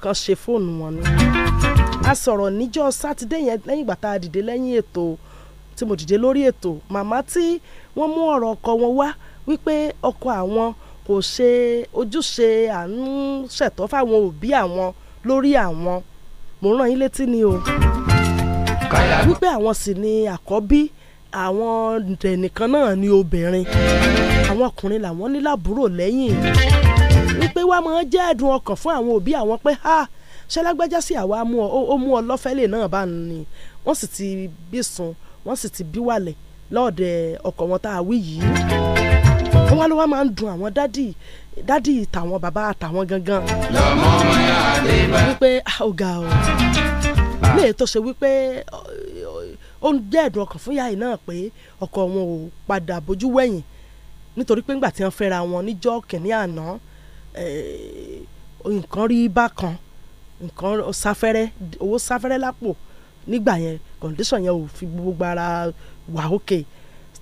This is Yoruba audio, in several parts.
kan ṣe fóònù wọn ni. a sọ̀rọ̀ níjọ́ sátidé yẹn lẹ́yìn ìgbà tá a dìde lẹ́yìn ètò tí mo dìde lórí ètò màmá tí wọ́n mú ọ̀rọ̀ ọkọ wọn wá wípé ọkọ àwọn kò ṣe ojúṣe àánú ṣẹ̀tọ́ fáwọn òbí àwọn lórí àwọn mo rán yín létí ni o wípé àwọn sì ni àkọ́bí àwọn ẹnìkan náà ni obìnrin àwọn ọkùnrin làwọn ní láàbúrò lẹ́yìn wípé wàá mọ̀ jẹ́ ẹ̀dùn ọkàn fún àwọn òbí àwọn pé ha ṣẹlágbájá sí àwa ó mú ọ lọ́fẹ́lẹ̀ náà bá ní wọ́n sì ti bí sun wọ́n sì ti bí wàlẹ̀ lọ́ọ̀dẹ̀ ọkọ̀ wọn tá a wí yìí wọ́n wá ló wá máa ń dùn àwọn dádì dádì tàwọn bàbá tàwọn gangan wípé ọ̀gá ah, o léè tó ṣe wípé ó ń jẹ́ ẹ̀dùn ọkàn fún yáyì náà pé ọkọ wọn ò padà bójú wẹ̀yìn nítorí pé ńgbà tí wọ́n fẹ́ra wọn níjọ́ kìnínní àná Eh, nǹkan rí bákan nǹkan sáfẹ́rẹ́ owó sáfẹ́rẹ́ lápò nígbà yẹn condition yẹn ò fi gbogbo ara wà ókè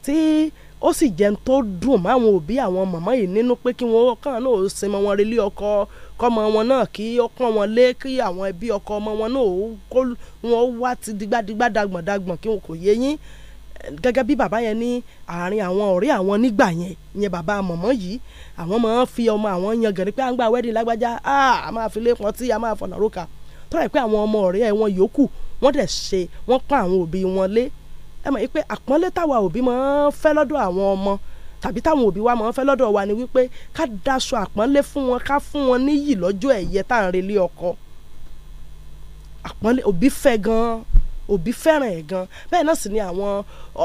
tí ó sì jẹun tó dùn máwọn òbí àwọn màmá yìí nínú pé kí wọn kàn náà ó sinmi wọn relé ọkọ kọmọ wọn náà kí ó pọ́n wọn lé kí àwọn ẹbí ọkọ ọmọ wọn náà kó wọn wá ti digbadigba dagbọ̀n kí wọn kò yé yín gẹ́gẹ́ bí bàbá yẹn ní àárín àwọn ọ̀rẹ́ àwọn nígbà yẹn yẹn bàbá mọ̀mọ́ yìí àwọn máa ń fi ọmọ àwọn yan gẹ̀rẹ́ pé à ń gba wedding lágbájá a máa fi lé pọn tí a máa fọ̀nà róka tọ́lá yìí pé àwọn ọmọ ọ̀rẹ́ wọn yòókù wọ́n dẹ̀ ṣe wọ́n pọ́n àwọn òbí wọn lé ẹ mọ̀ pé àpọ́nlé táwa òbí máa ń fẹ́ lọ́dọ̀ àwọn ọmọ tàbí táwọn òbí wa máa ń fẹ́ lọ́dọ̀ wa ni wípé ká daṣọ àpọ́nlé fún wọn ká fún wọn níyì lọ́jọ́ ẹ̀yẹ tá à ń relé ọkọ àpọ́nlé òbí fẹ́ gan-an òbí fẹ́ràn ẹ̀ gan bẹ́ẹ̀ náà sì ni àwọn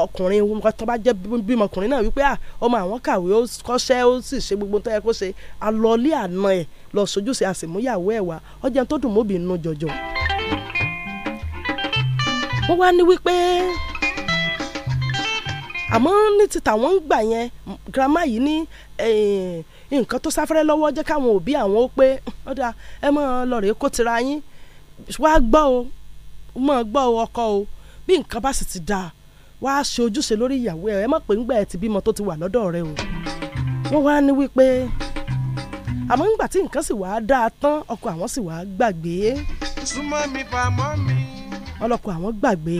ọkùnrin tó bá jẹ́ bímọ ọkùnrin náà wípé ọmọ àwọn kàwé ó kọ́ṣẹ́ ó sì ṣe gbogbo tó yẹ kó ṣe alọ́lé àna ẹ̀ lọ sojúṣe àsèmúyàwó ẹ̀ wá ọjà tó dùn mọ́bì nínú jọjọ. wọ́n wá ní wípé àmọ́ ní ti tàwọn ń gbà yẹn girama yìí ní nǹkan tó sáfẹ́rẹ́ lọ́wọ́ jẹ́ káwọn òbí àwọn ó pé ọ̀dà ẹ mọ̀ lọ́ọ̀rẹ́ kó tira yín wá gbọ́ o mọ̀ gbọ́ ọkọ o bí nǹkan bá sì ti dáa wàá ṣe ojúṣe lórí ìyàwó ẹ ẹ má pè ń gbà ẹ ti bímọ tó ti wà lọ́dọ̀ rẹ o wọ́n wá ní wípé àmọ́ ńgbà tí nǹkan sì wàá dáa tán ọkọ àwọn sì wàá gbàgbé. súnmọ́ mi pa mọ́ mi. ọlọ́kọ àwọn gbàgbé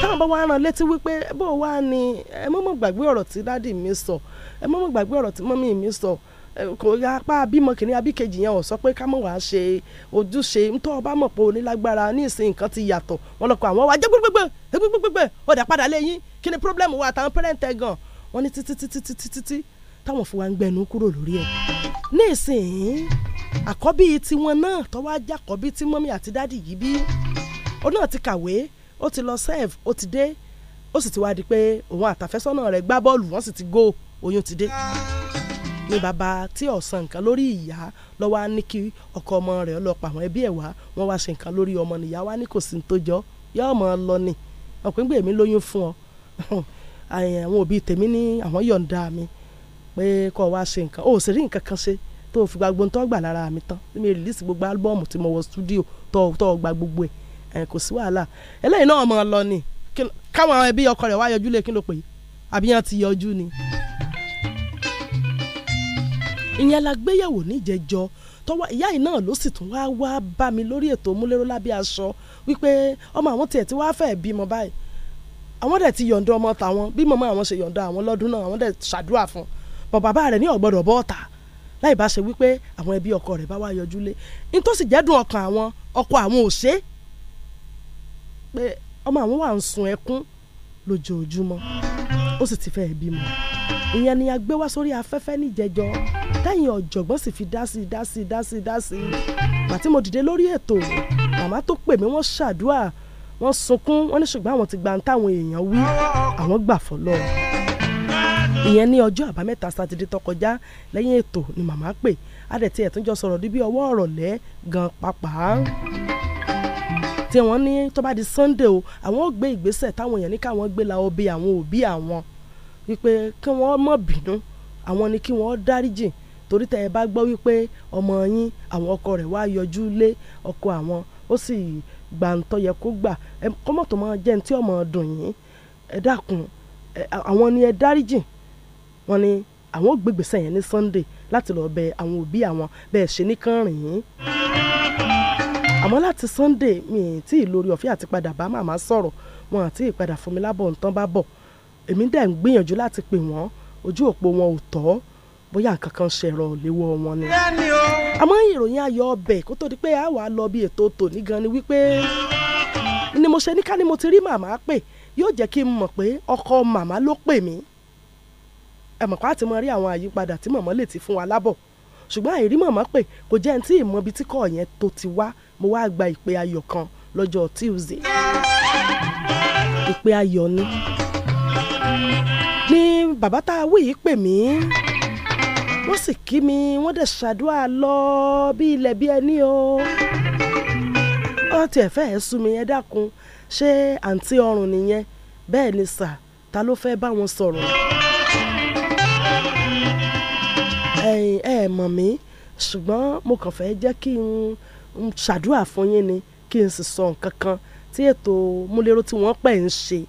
táwọn bá wá rán létí wípé bó wá ni ẹ mọ́ mọ́ gbàgbé ọ̀rọ̀ tí dádì mi sọ ẹ mọ́ mọ́ gbàgbé ọ̀rọ̀ tí mọ́mí mi sọ. So Eh, kò apá bímọ kìíní abíkejì yẹn ò sọ pé ká mọ̀ wá ṣe ojúṣe ntọ́ ọba mọ̀ pé onílágbára ní ìsìn nǹkan ti yàtọ̀ wọn lọkọ àwọn wa jẹ́ gbẹ́gbẹ́gbẹ́ gbẹ́gbẹ́gbẹ́ ọ̀dà padà lẹ́yìn kí ni problem wa àtàwọn pẹ́rẹ́ǹtẹ̀ gan wọn ní títí títí títí títí táwọn fún wa ń gbẹnu kúrò lórí ẹ̀ ní ìsìn àkọ́bí tiwọn náà tọ́wọ́ ajá àkọ́bí tí mọ́mí àti dádì yìí bí ó náà ti kàwé ó ti lọ serve ó ti dé ó sì ti wá di pé òun àtàfẹ́sọ́nà rẹ̀ gbá bọ́ọ̀lù wọ́n sì ti go oyún ti dé ni bàbá tí ọ̀sán nǹkan lórí ìyá lọ́wọ́ á ní kí ọkọ ọmọ rẹ̀ lọ àwọn ẹbí ẹ̀ wá wọ́n wá ṣe nǹkan lórí ọmọ nìyá wa ní kò sí tó jọ yóò mọ̀ ọ́ lọ ni ọ̀pẹ́ngbè mi lóyún fún ọ àwọn òbí tèmi ní àwọn yọ̀ǹda mi pé kọ́ wa ṣe nǹkan ó sì rí nǹkan kan ṣe tó fi gba gbóntọ́ gbà lára mi tán mi rìlíìsì gbogbo álbọ́ọ̀mù tí mo wọ stúdíò tó gba gbogbo ẹ̀ kò sí wàhálà eléyìí náà mọ̀ ọ́ lọ ni káwọn ẹbí ọkọ rẹ̀ wá yọjú lé kí ló pè é àbí yẹn ti yọjú ni ìyẹn la gbéyẹ̀wò níjẹjọ tọwọ́ ìyá yìí náà ló sì tún wá wá bá mi lórí ètò múlẹ́rọ lábẹ́ aṣọ wípé ọmọ àwọn tiẹ̀ tí wàá fẹ́ bímọ báyìí àwọn dẹ̀ ti yọ̀ǹda ọmọ tàwọn bí mọ̀mọ́ àwọn ṣe yọ̀ǹda àwọn lọ́dún náà àwọn dẹ̀ ṣàdúrà fún bọ̀ bàbá rẹ̀ ní ọ̀gbọ́dọ̀ bọ́ ọ̀tà láì bá ṣe wípé àwọn ẹbí ọkọ rẹ̀ bá wá yọjú lé n tó sì jẹ́dùn ọkàn àwọn ọkọ àwọn ò ṣe pé ọmọ àwọn wà ń sun ẹkún lójoojúmọ́ ó sì ti fẹ́ bímọ ìyẹn ni a gbé wá sórí afẹ́fẹ́ níjẹjọ tẹ́yìn ọ̀jọ̀gbọ́n sì fi dá sí dá sí dá sí dá sí pàtí mo dìde lórí ètò màmá tó pè mí wọ́n ṣàdúrà wọ́n sunkún wọ́n ní ṣùgbọ́n àwọn ti gba táwọn èèyàn wí àwọn gbà fọlọ́ ìyẹn ní ọjọ́ àbámẹ́ta sátidé tó kọjá lẹ́yìn ètò ni màmá pè adẹ̀tí ẹ̀ tún jọ sọ̀rọ̀ níbi ọwọ́ ọ̀rọ̀ lẹ́ gan pàápàá tí wọ́n ní tó bá di Sunday o àwọn ò gbé ìgbésẹ̀ táwọn èèyàn ní káwọn gbé la ọbẹ̀ àwọn òbí àwọn wípé kí wọ́n má bínú àwọn ni kí wọ́n dáríjì torí tẹ́ ẹ bá gbọ́ wípé ọmọ yín àwọn ọkọ rẹ̀ wá yọjú lé ọkọ àwọn ó sì gbà ń tọ́ yẹ kó gbà ẹ kọ́mọ̀tò máa jẹ́ ní tí ọmọ dùn yín ẹ dákun àwọn ni ẹ dáríjì wọ́n ní àwọn ò gbégbèsè yẹn ní Sunday láti lọ bẹ àwọn òbí àwọn bẹ́ẹ̀ ṣe ní kàn rìn yín àmọ́ láti Sunday mi ì tí ì lórí ọ̀fẹ́ àti padà bá màmá sọ̀rọ̀ wọn àti ìpadà fún mi lábọ̀ ntán bá bọ̀ èmi dẹ̀ ń gbìyànjú láti pè wọ́n ojú òpó wọn ò tọ́ bóyá nǹkan kan ṣẹ̀rọ̀ léwọ́ wọn ni. àmọ́ ìròyìn ayọ̀ ọbẹ̀ kó tó di pé a wà lọ bí ètò tòní gan ni wípé ni mo ṣe ní ká ni mo ti rí màmá pè yóò jẹ́ kí n mọ̀ pé ọkọ màmá ló pè mí ẹ mọ̀ pé àti mọ rí àwọn àyípadà tí màmá lè ti fún wa lábọ̀ ṣùgbọ́n àìrí màmá pè kò jẹ́ ẹni tí ìmọ̀ ibi tí kò yẹn tó ti wá mo wá gba ìpè ayọ̀ kan lọ́jọ́ Tuesday ìpè ayọ̀ ni bàbá tá a wí yìí pè mí wọ́n sì kí mi wọ́n dẹ̀ ṣàdúrà lọ bí ilẹ̀ bí ẹni o wọ́n tiẹ̀ fẹ́ẹ́ sú mi yẹn dákun ṣé àǹtí ọrùn nìyẹn bẹ́ẹ̀ ni sà ta ló fẹ́ bá wọn sọ̀rọ̀ ẹ̀yin ẹ mọ̀ mí ṣùgbọ́n mo kàn fẹ́ jẹ́ kí n ṣàdúrà fún yín ni kí n sì sọ nǹkan kan tí ètò múlẹ́rọ́ tí wọ́n pẹ̀ ń ṣe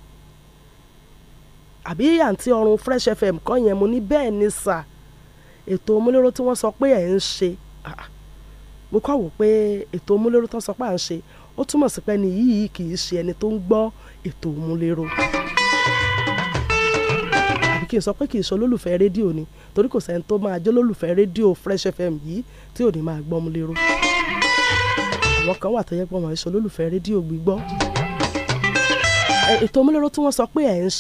àbí àǹtí ọrùn Fresh FM kọ́ yẹn mo ní bẹ́ẹ̀ ni sà ètò omúléró tí wọ́n sọ pé ẹ̀ ń ṣe ah, ah. mo kọ́ wò pé ètò omúléró tó sọ pé à ń ṣe ó túmọ̀ sí pé ni yìí kì í ṣe ẹni tó ń gbọ́ ètò omúléró àbí kì í sọ pé kì í ṣe olólùfẹ́ rédíò ni torí kò sẹ́ni tó máa jẹ́ olólùfẹ́ rédíò Fresh FM yìí tí ò ní máa gbọ́ omúléró àwọn kan wà tó yẹ pé wọ́n máa ń ṣe olólùfẹ́ rédíò gbígbọ́ ètò omúléró tí wọ́n sọ pé ẹ̀ ń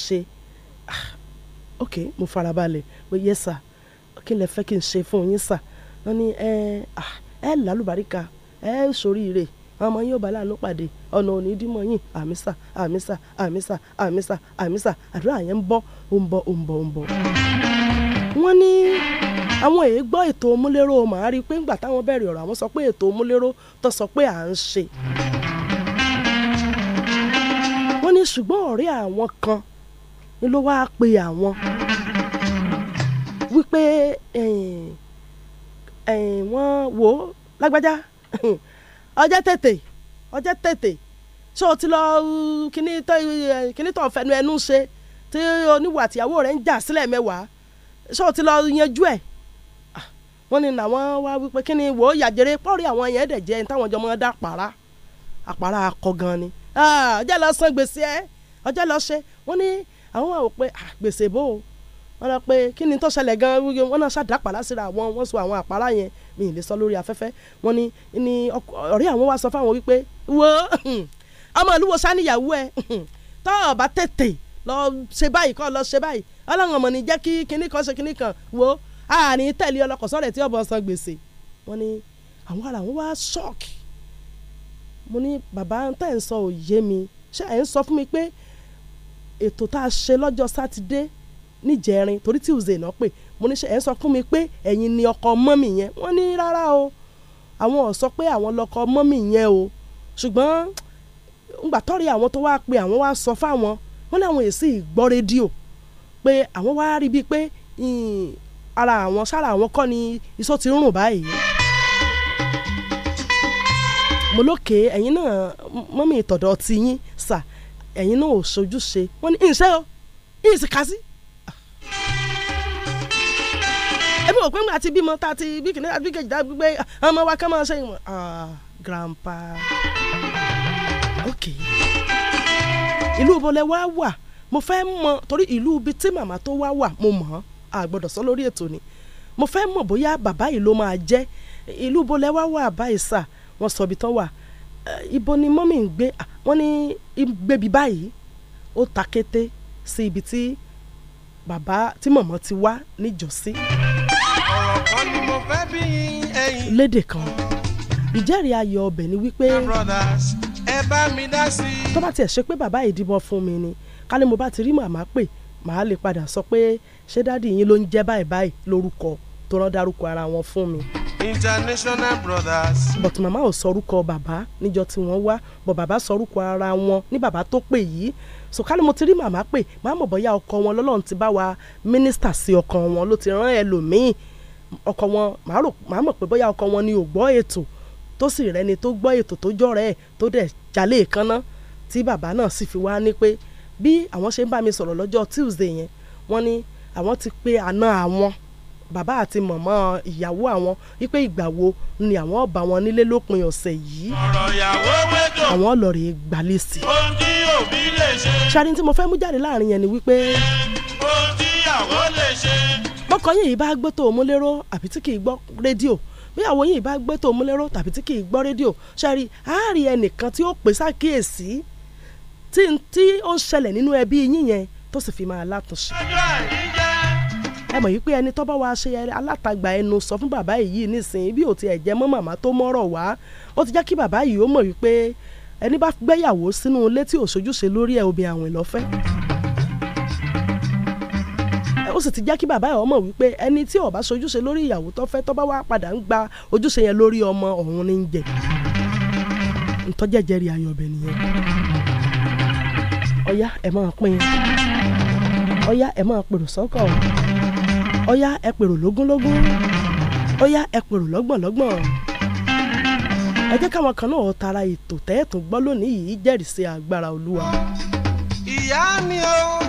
ok mo farabalẹ̀ pé yes sir kí lẹ fẹ́ kí n ṣe fún yín sir wọ́n ní ẹ ẹ lálùbáríkà ẹ ṣoríire ọmọ yín ò bá láàánú pàdé ọ̀nà òní dímọ̀ yín àmísà àmísà àmísà àmísà àmísà àdúrà yẹn ń bọ́ ó ń bọ́ ó ń bọ́ ó ń bọ́. wọ́n ní àwọn èyí gbọ́ ètò múlẹ́rọ màá rí i pé ńgbà táwọn bẹ̀rẹ̀ ọ̀rọ̀ àwọn sọ pé ètò múlẹ́rọ tó sọ pé à ń ṣe. wọ́n ní ṣùgbọ́n ọ̀rẹ́ àwọn kan ni ló wáá pe àwọn wípé wọ́n wò ó lágbájá ọjọ́ tètè ọjọ́ tètè ṣé o ti lọ uh, kíní tó uh, fẹnu ẹnu ṣe tí oníwà àtìyàwó rẹ̀ ń jà sílẹ̀ mẹ́wàá ṣé o ti lọ yanjú ẹ̀ ah, wọ́n ní làwọn wá wípé kíní wò ó yàjẹrẹ pọ́ọ̀rì àwọn yẹn dẹ̀ jẹ́ táwọn jọmọ dá pàrà àpárá akọ gan ni ah, ọjọ́ lọ san gbèsè ẹ ọjọ́ lọ ṣe wọ́n ní àwọn wà wò pé gbèsè bò ó wọ́n lọ pé kí ni tó ṣẹlẹ̀ gan wíwí wọ́n náà ṣàdápàlà síra àwọn wọ́n sọ àwọn àpárá yẹn mi ì lè sọ lórí afẹ́fẹ́ wọ́n ní ní ọ̀rẹ́ àwọn wá sọ fáwọn wípé wo ọmọ ìlú wo sáníyàwó ẹ tọ́ ọ bá tètè lọ ṣe báyìí kọ́ lọ ṣe báyìí ọlọ́run ọmọ ní jẹ́ kí kinní kan ṣe kinní kan wo àárín tẹ̀lé ọlọ́kọ̀sọ́ rẹ̀ tí ọ̀bọ̀ san gbèsè wọ́n ní àwọn ara wọn wá ṣọ́ọ̀kì mo ní bàbá tẹ̀ ń sọ òye mi ṣé ẹ̀ ń sọ fún mi pé ètò tá a ṣe lọ́jọ́ sátidé níjẹrin torí Tuesday náà pè mo ní ṣe ẹ̀ ń sọ fún mi pé ẹ̀yin ni ọkọ mọ́mì yẹn wọ́n ní rárá o àwọn ò sọ pé àwọn lọkọ mọ́mì yẹn o ṣùgbọ́n ngbà tọ́rí àwọn tó wá pe àwọn wá sọ fáwọn wọ́n láwọn èsì ìgbọ́ rédíò pé àwọn wá rí bíi pé ara àwọn sára àwọn kọ́ ni iṣó ti rùn báyìí mo lókè ẹ̀yin náà mọ́mì ìtọ̀dọ̀ ti yín sà ẹ̀yin náà ò sojúṣe wọ́n ní ìṣe o ìṣe kà sí. ẹbí wò pé ńgbà tí bímọ tá ti bí kìnìún àti kejì dá gbígbé ọmọ wa kán máa ṣe ìwọ̀n ah, grandpa ok ìlú ìbọlẹ̀ wa wà mo fẹ́ mọ̀ torí ìlú ibi tí màmá tó wá wà mo mọ̀ ọ́ àgbọ̀dọ̀ sọ lórí ètò ni mo fẹ́ mọ̀ bóyá bàbá yìí ló máa jẹ́ ìlú ìbọlẹ̀ wa wà báyìí sà wọ́n sọ ibi tán wà. Eh, ibo ni mọ́mì ń gbé ah, wọ́n ní gbébi báyìí ó ta kété sí ibi tí bàbá tí mọ̀mọ́ ti wá níjọ́sí. ọ̀rọ̀ kan ni mo fẹ́ bí ẹyin. lédè kan ìjẹ́rìí ayọ̀ ọbẹ̀ ni wípé tó bá tiẹ̀ ṣe pé bàbá ìdìbọn fún mi ni ká ní mo bá ti rí màmá pè màá lè padà sọ pé ṣé dádì yín ló ń jẹ́ báyìí báyìí lórúkọ tó rán dárúkọ ara wọn fún mi international brothers. but màmá ò sọrúkọ bàbá níjọ́ tí wọ́n wá bọ̀ bàbá sọrúkọ ara wọn ní bàbá tó pè yìí sọ̀kálẹ̀ mo ti rí màmá pè má mọ̀ bọ́yá ọkọ wọn lọ́lọ́run ti bá wa mínísítà sí ọkọ wọn ló ti rán ẹlòmíì ọkọ wọn má mọ̀ pé bọ́yá ọkọ wọn ni ò gbọ́ ètò tó sì rẹ́ni tó gbọ́ ètò tó jọ̀rẹ́ ẹ̀ tó dẹ̀ jalè kaná tí bàbá náà sì fi wá ní pé bí àwọn ṣe ń bá mi sọ̀rọ̀ lọ́jọ́ Tuesday yẹn wọ́n ní àwọn ti pé àna àwọn bàbá àti mọ̀mọ́ ìyàwó àwọn wípé ìgbà wo ni àwọn ọba wọn nílé lópin ọ̀sẹ̀ yìí àwọn ọlọ́rẹ̀ gbalẹ̀ sí. ṣáàrin tí mo fẹ́ mú jáde láàrin yẹn ni wípé bọ́kọ yìí bá gbé tó mú lérò àbí tí kì gbọ́ rédíò bí yìí bá gbé tó mú lérò tàbí tí kì gbọ́ rédíò ṣáàrí àárí ẹnìkan tí ó pè sákìyèsí tí ó ń ṣẹlẹ̀ nínú ẹbí yín yẹn tó sì fi máa látúnṣe. ọjọ́ àìríjẹ́ ẹ mọ̀ yìí pé ẹni tó bá wa ṣe alátagbà ẹnu sọ fún bàbá yìí nísìnyí bí ò ti ẹ̀ jẹ́ mọ́ màmá tó mọ́rọ̀ wá ó ti jẹ́ kí bàbá yìí ó mọ̀ yìí pé ẹni bá gbéyàwó sínú ilé tí òṣojúṣe lórí ẹ̀ obìnrin àwìn lọ́fẹ́ ó sì ti jẹ́ kí bàbá ẹ̀ ọmọ wípé ẹni tí ó ṣojúṣe lórí ìyàwó tó fẹ́ tó padà ń gba ojúṣe yẹn lórí ọmọ ọ̀hún ní jẹ ntọ́jẹ̀jẹ̀ rí nìyẹn ọ̀yá ẹ̀ máa pín ọ̀yá ẹ̀ máa pèrò sọ́kọ̀ ọ̀hún ó yá ẹ pèrò lógúnlógún ó yá ẹ pèrò lọ́gbọ̀nlọ́gbọ̀n ẹ jẹ́ káwọn kan náà tara ètò tẹ́ẹ̀tún gbọ́ lónìí yìí jẹ́rìí sí agbára olúwa. ìyá ni o.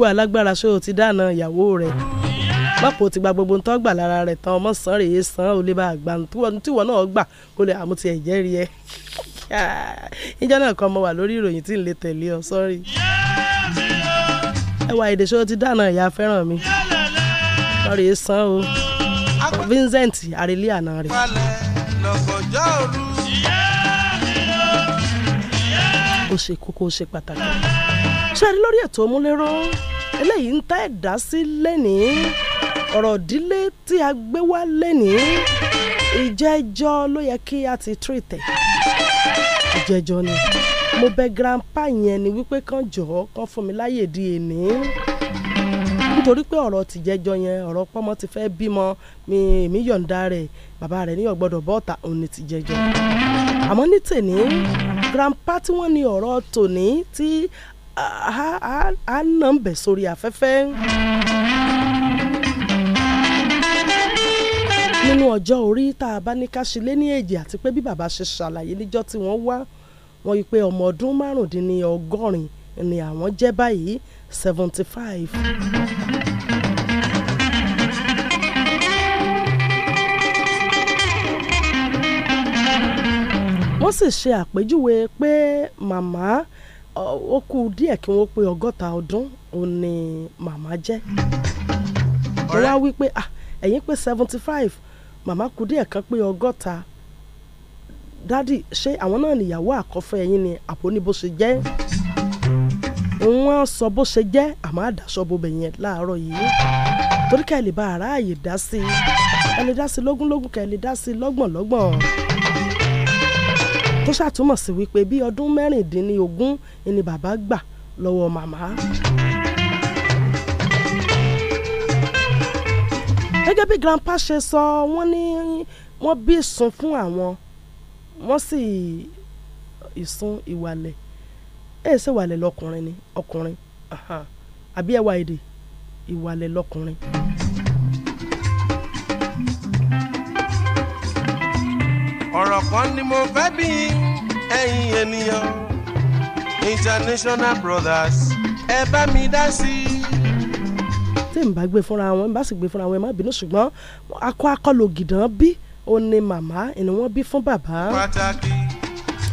òkú alágbára ṣé o ti dáná ìyàwó rẹ̀ mọ́pò ti gba gbogbo ntọ́ gbà lára rẹ̀ tán ọmọ sàn rèé sàn ó lè bá gbà tíwọ́ náà gbà kó lè àmúti ẹ̀jẹ̀ rí ẹ. ìjọ náà kan mo wà lórí ìròyìn tí n lè tẹ̀lé ọ sọ́rí. ẹwà èdè ṣé ti dáná ìyá fẹ́ràn mi sọ̀rọ̀ yìí sàn o Vincent arìlé àná rẹ̀. ó ṣe kókó ó ṣe pàtàkì ṣe àrí lórí ètò òmúlérò eléyìí ń tẹ́ ẹ̀dá sí lẹ́nìí ọ̀rọ̀ ìdílé tí a gbé wá lẹ́nìí ìjẹ́jọ́ ló yẹ kí a ti tírìtẹ̀ ìjẹ́jọ́ ni mo bẹ̀ grandpa yẹn ni wípé kán jọ̀ọ́ kán fún mi láyè di èní nítorí pé ọ̀rọ̀ tìjẹ́jọ́ yẹn ọ̀rọ̀ pọ́mọ ti fẹ́ bímọ mi èmi yọ̀ǹda rẹ̀ bàbá rẹ̀ ní ọ̀gbọ́dọ̀ bọ́ọ̀ta òun ni tìjẹ́jọ́ àmọ́ ní tèní grandpa tí wọ́n ní ọ̀rọ̀ tòní tí á nà ń bẹ̀ sórí afẹ́fẹ́. nínú ọjọ́ orí tá a bá ní ká ṣe lé ní èjì àti pé bí bàbá ṣe ṣàlàyé níjọ́ tí wọ́n wá wọ́n yí pé ọmọ ọdún márùndínlọ́gọ́rin ni àwọn jẹ́ báyìí seventy five. wọ́n sì ṣe àpèjúwe pé màmá ó kú díẹ̀ kí wọ́n pé ọgọ́ta ọdún òun ni màmá jẹ́ mo wá wí pé ah, ẹ̀yin pé seventy five màmá kú díẹ̀ kan pé ọgọ́ta dádì ṣé àwọn náà nìyàwó àkọ́fẹ́ ẹ̀yin ni àpò ní bó ṣe jẹ́ wọ́n sọ bó ṣe jẹ́ àmọ́ àdàsọ bó bẹ̀yẹn láàárọ̀ yìí torí ká ẹ lè bá aráàyè dá sí ẹ lè dá sí lógúnlógún ká ẹ lè dá sí lọ́gbọ̀nlọ́gbọ̀n tó ṣàtúmọ̀ sí wípé bí ọdún mẹ́rìndínlógún ni bàbá gbà lọ́wọ́ màmá. gẹ́gẹ́ bí grandpa ṣe sọ wọ́n ní wọ́n bí ìsun fún àwọn wọ́n sì ìsun ìwàlẹ̀ ẹ̀ ṣe wàlẹ̀ lọkùnrin ni ọkùnrin àbí ẹwà èdè ìwàlẹ̀ lọkùnrin. ọ̀rọ̀ kan ni mo fẹ́ bí ẹ̀yin ènìyàn international brothers ẹ bá mi dá sí i tí n bá gbé fúnra wọn n bá sì gbé fúnra wọn ẹ má bínú ṣùgbọ́n akọ akọlò gìdán bí ó ní màmá ẹni wọ́n bí fún bàbá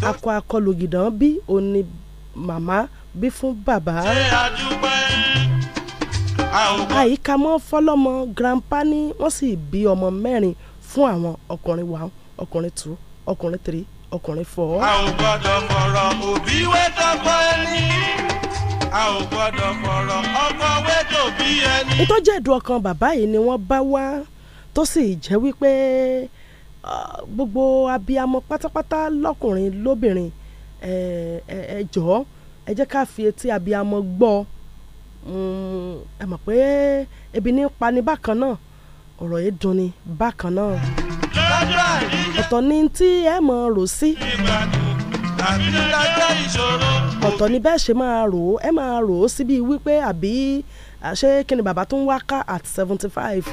akọ akọlò gìdán bí ó ní màmá bí fún bàbá. àyíká mọ́ fọlọ́mọ grandpa ni wọ́n sì bí ọmọ mẹ́rin fún àwọn ọkùnrin wa ọkùnrin two ọkùnrin three ọkùnrin four. a ò gbọ́dọ̀ fọ̀rọ̀ òbí wẹ́tọ̀ fọ́ ẹni a ò gbọ́dọ̀ fọ̀rọ̀ ọkọ wẹ́tọ̀ ẹni. ìtọ́jú ẹ̀dùn ọkàn bàbá yìí ni wọ́n bá wá tó sì jẹ́ wípé gbogbo abiyamọ pátápátá lọ́kùnrin lóbìnrin ẹ ẹ jẹ́ ká fi etí abiyamọ gbọ́ mm, ẹ mọ̀ pé ebi ní pani bákan náà ọ̀rọ̀ yìí dunni bákan náà ọ̀tọ̀ ni tí ẹ mọ̀ rò sí ọ̀tọ̀ ni bẹ́ẹ̀ ṣe máa rò ó ẹ máa rò ó síbi wípé àbí àṣé kí ni bàbá tó ń wá ká at seventy five.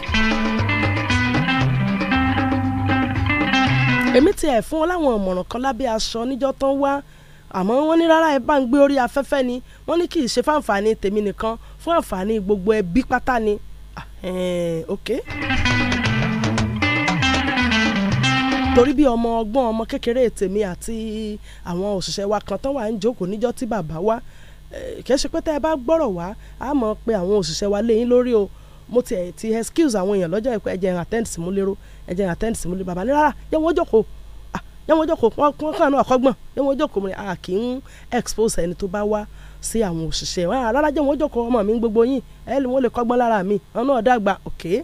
èmi ti ẹ̀ fún wọn láwọn ọ̀mọ̀ràn kan lábẹ́ aṣọ níjọ́ tán wá àmọ́ wọ́n ní rárá ẹ bá ń gbé orí afẹ́fẹ́ ni wọ́n ní kì í ṣe fáǹfààní tèmi nìkan fún àǹfààní gbogbo ẹbí pátá ni. Ah, ok torí bí ọmọ ọgbọ́n ọmọ kékeré tèmi àti àwọn òṣìṣẹ́ wa kan tó wà ń jókòó níjọ́ tí bàbá wa kìí ṣe pé tẹ́ ẹ bá gbọ́rọ̀ wá a mọ̀ pé àwọn òṣìṣẹ́ wa léyìn lórí o mo ti ti excuse àwọn èèyàn lọ́jọ́ ìpẹ́ ẹ̀jẹ̀ attend sí mú lérò ẹ̀jẹ̀ attend sí mú lérò bàbá ní rárá yẹ wọ́n jókòó ah, yẹ wọ́n jókòó wọ́n kàn náà kọ́gbọ́n yẹ wọ́n jókòó mi à kì í expose ẹni tó bá wá sí àwọn òṣìṣẹ́ ah, rárá jẹ́ wọ́n jókòó ọmọ mi gbogbo yín ẹ̀ lè wọ́n lè kọ́gbọ́n lára mi ọ̀nà ọ̀dàgbà okay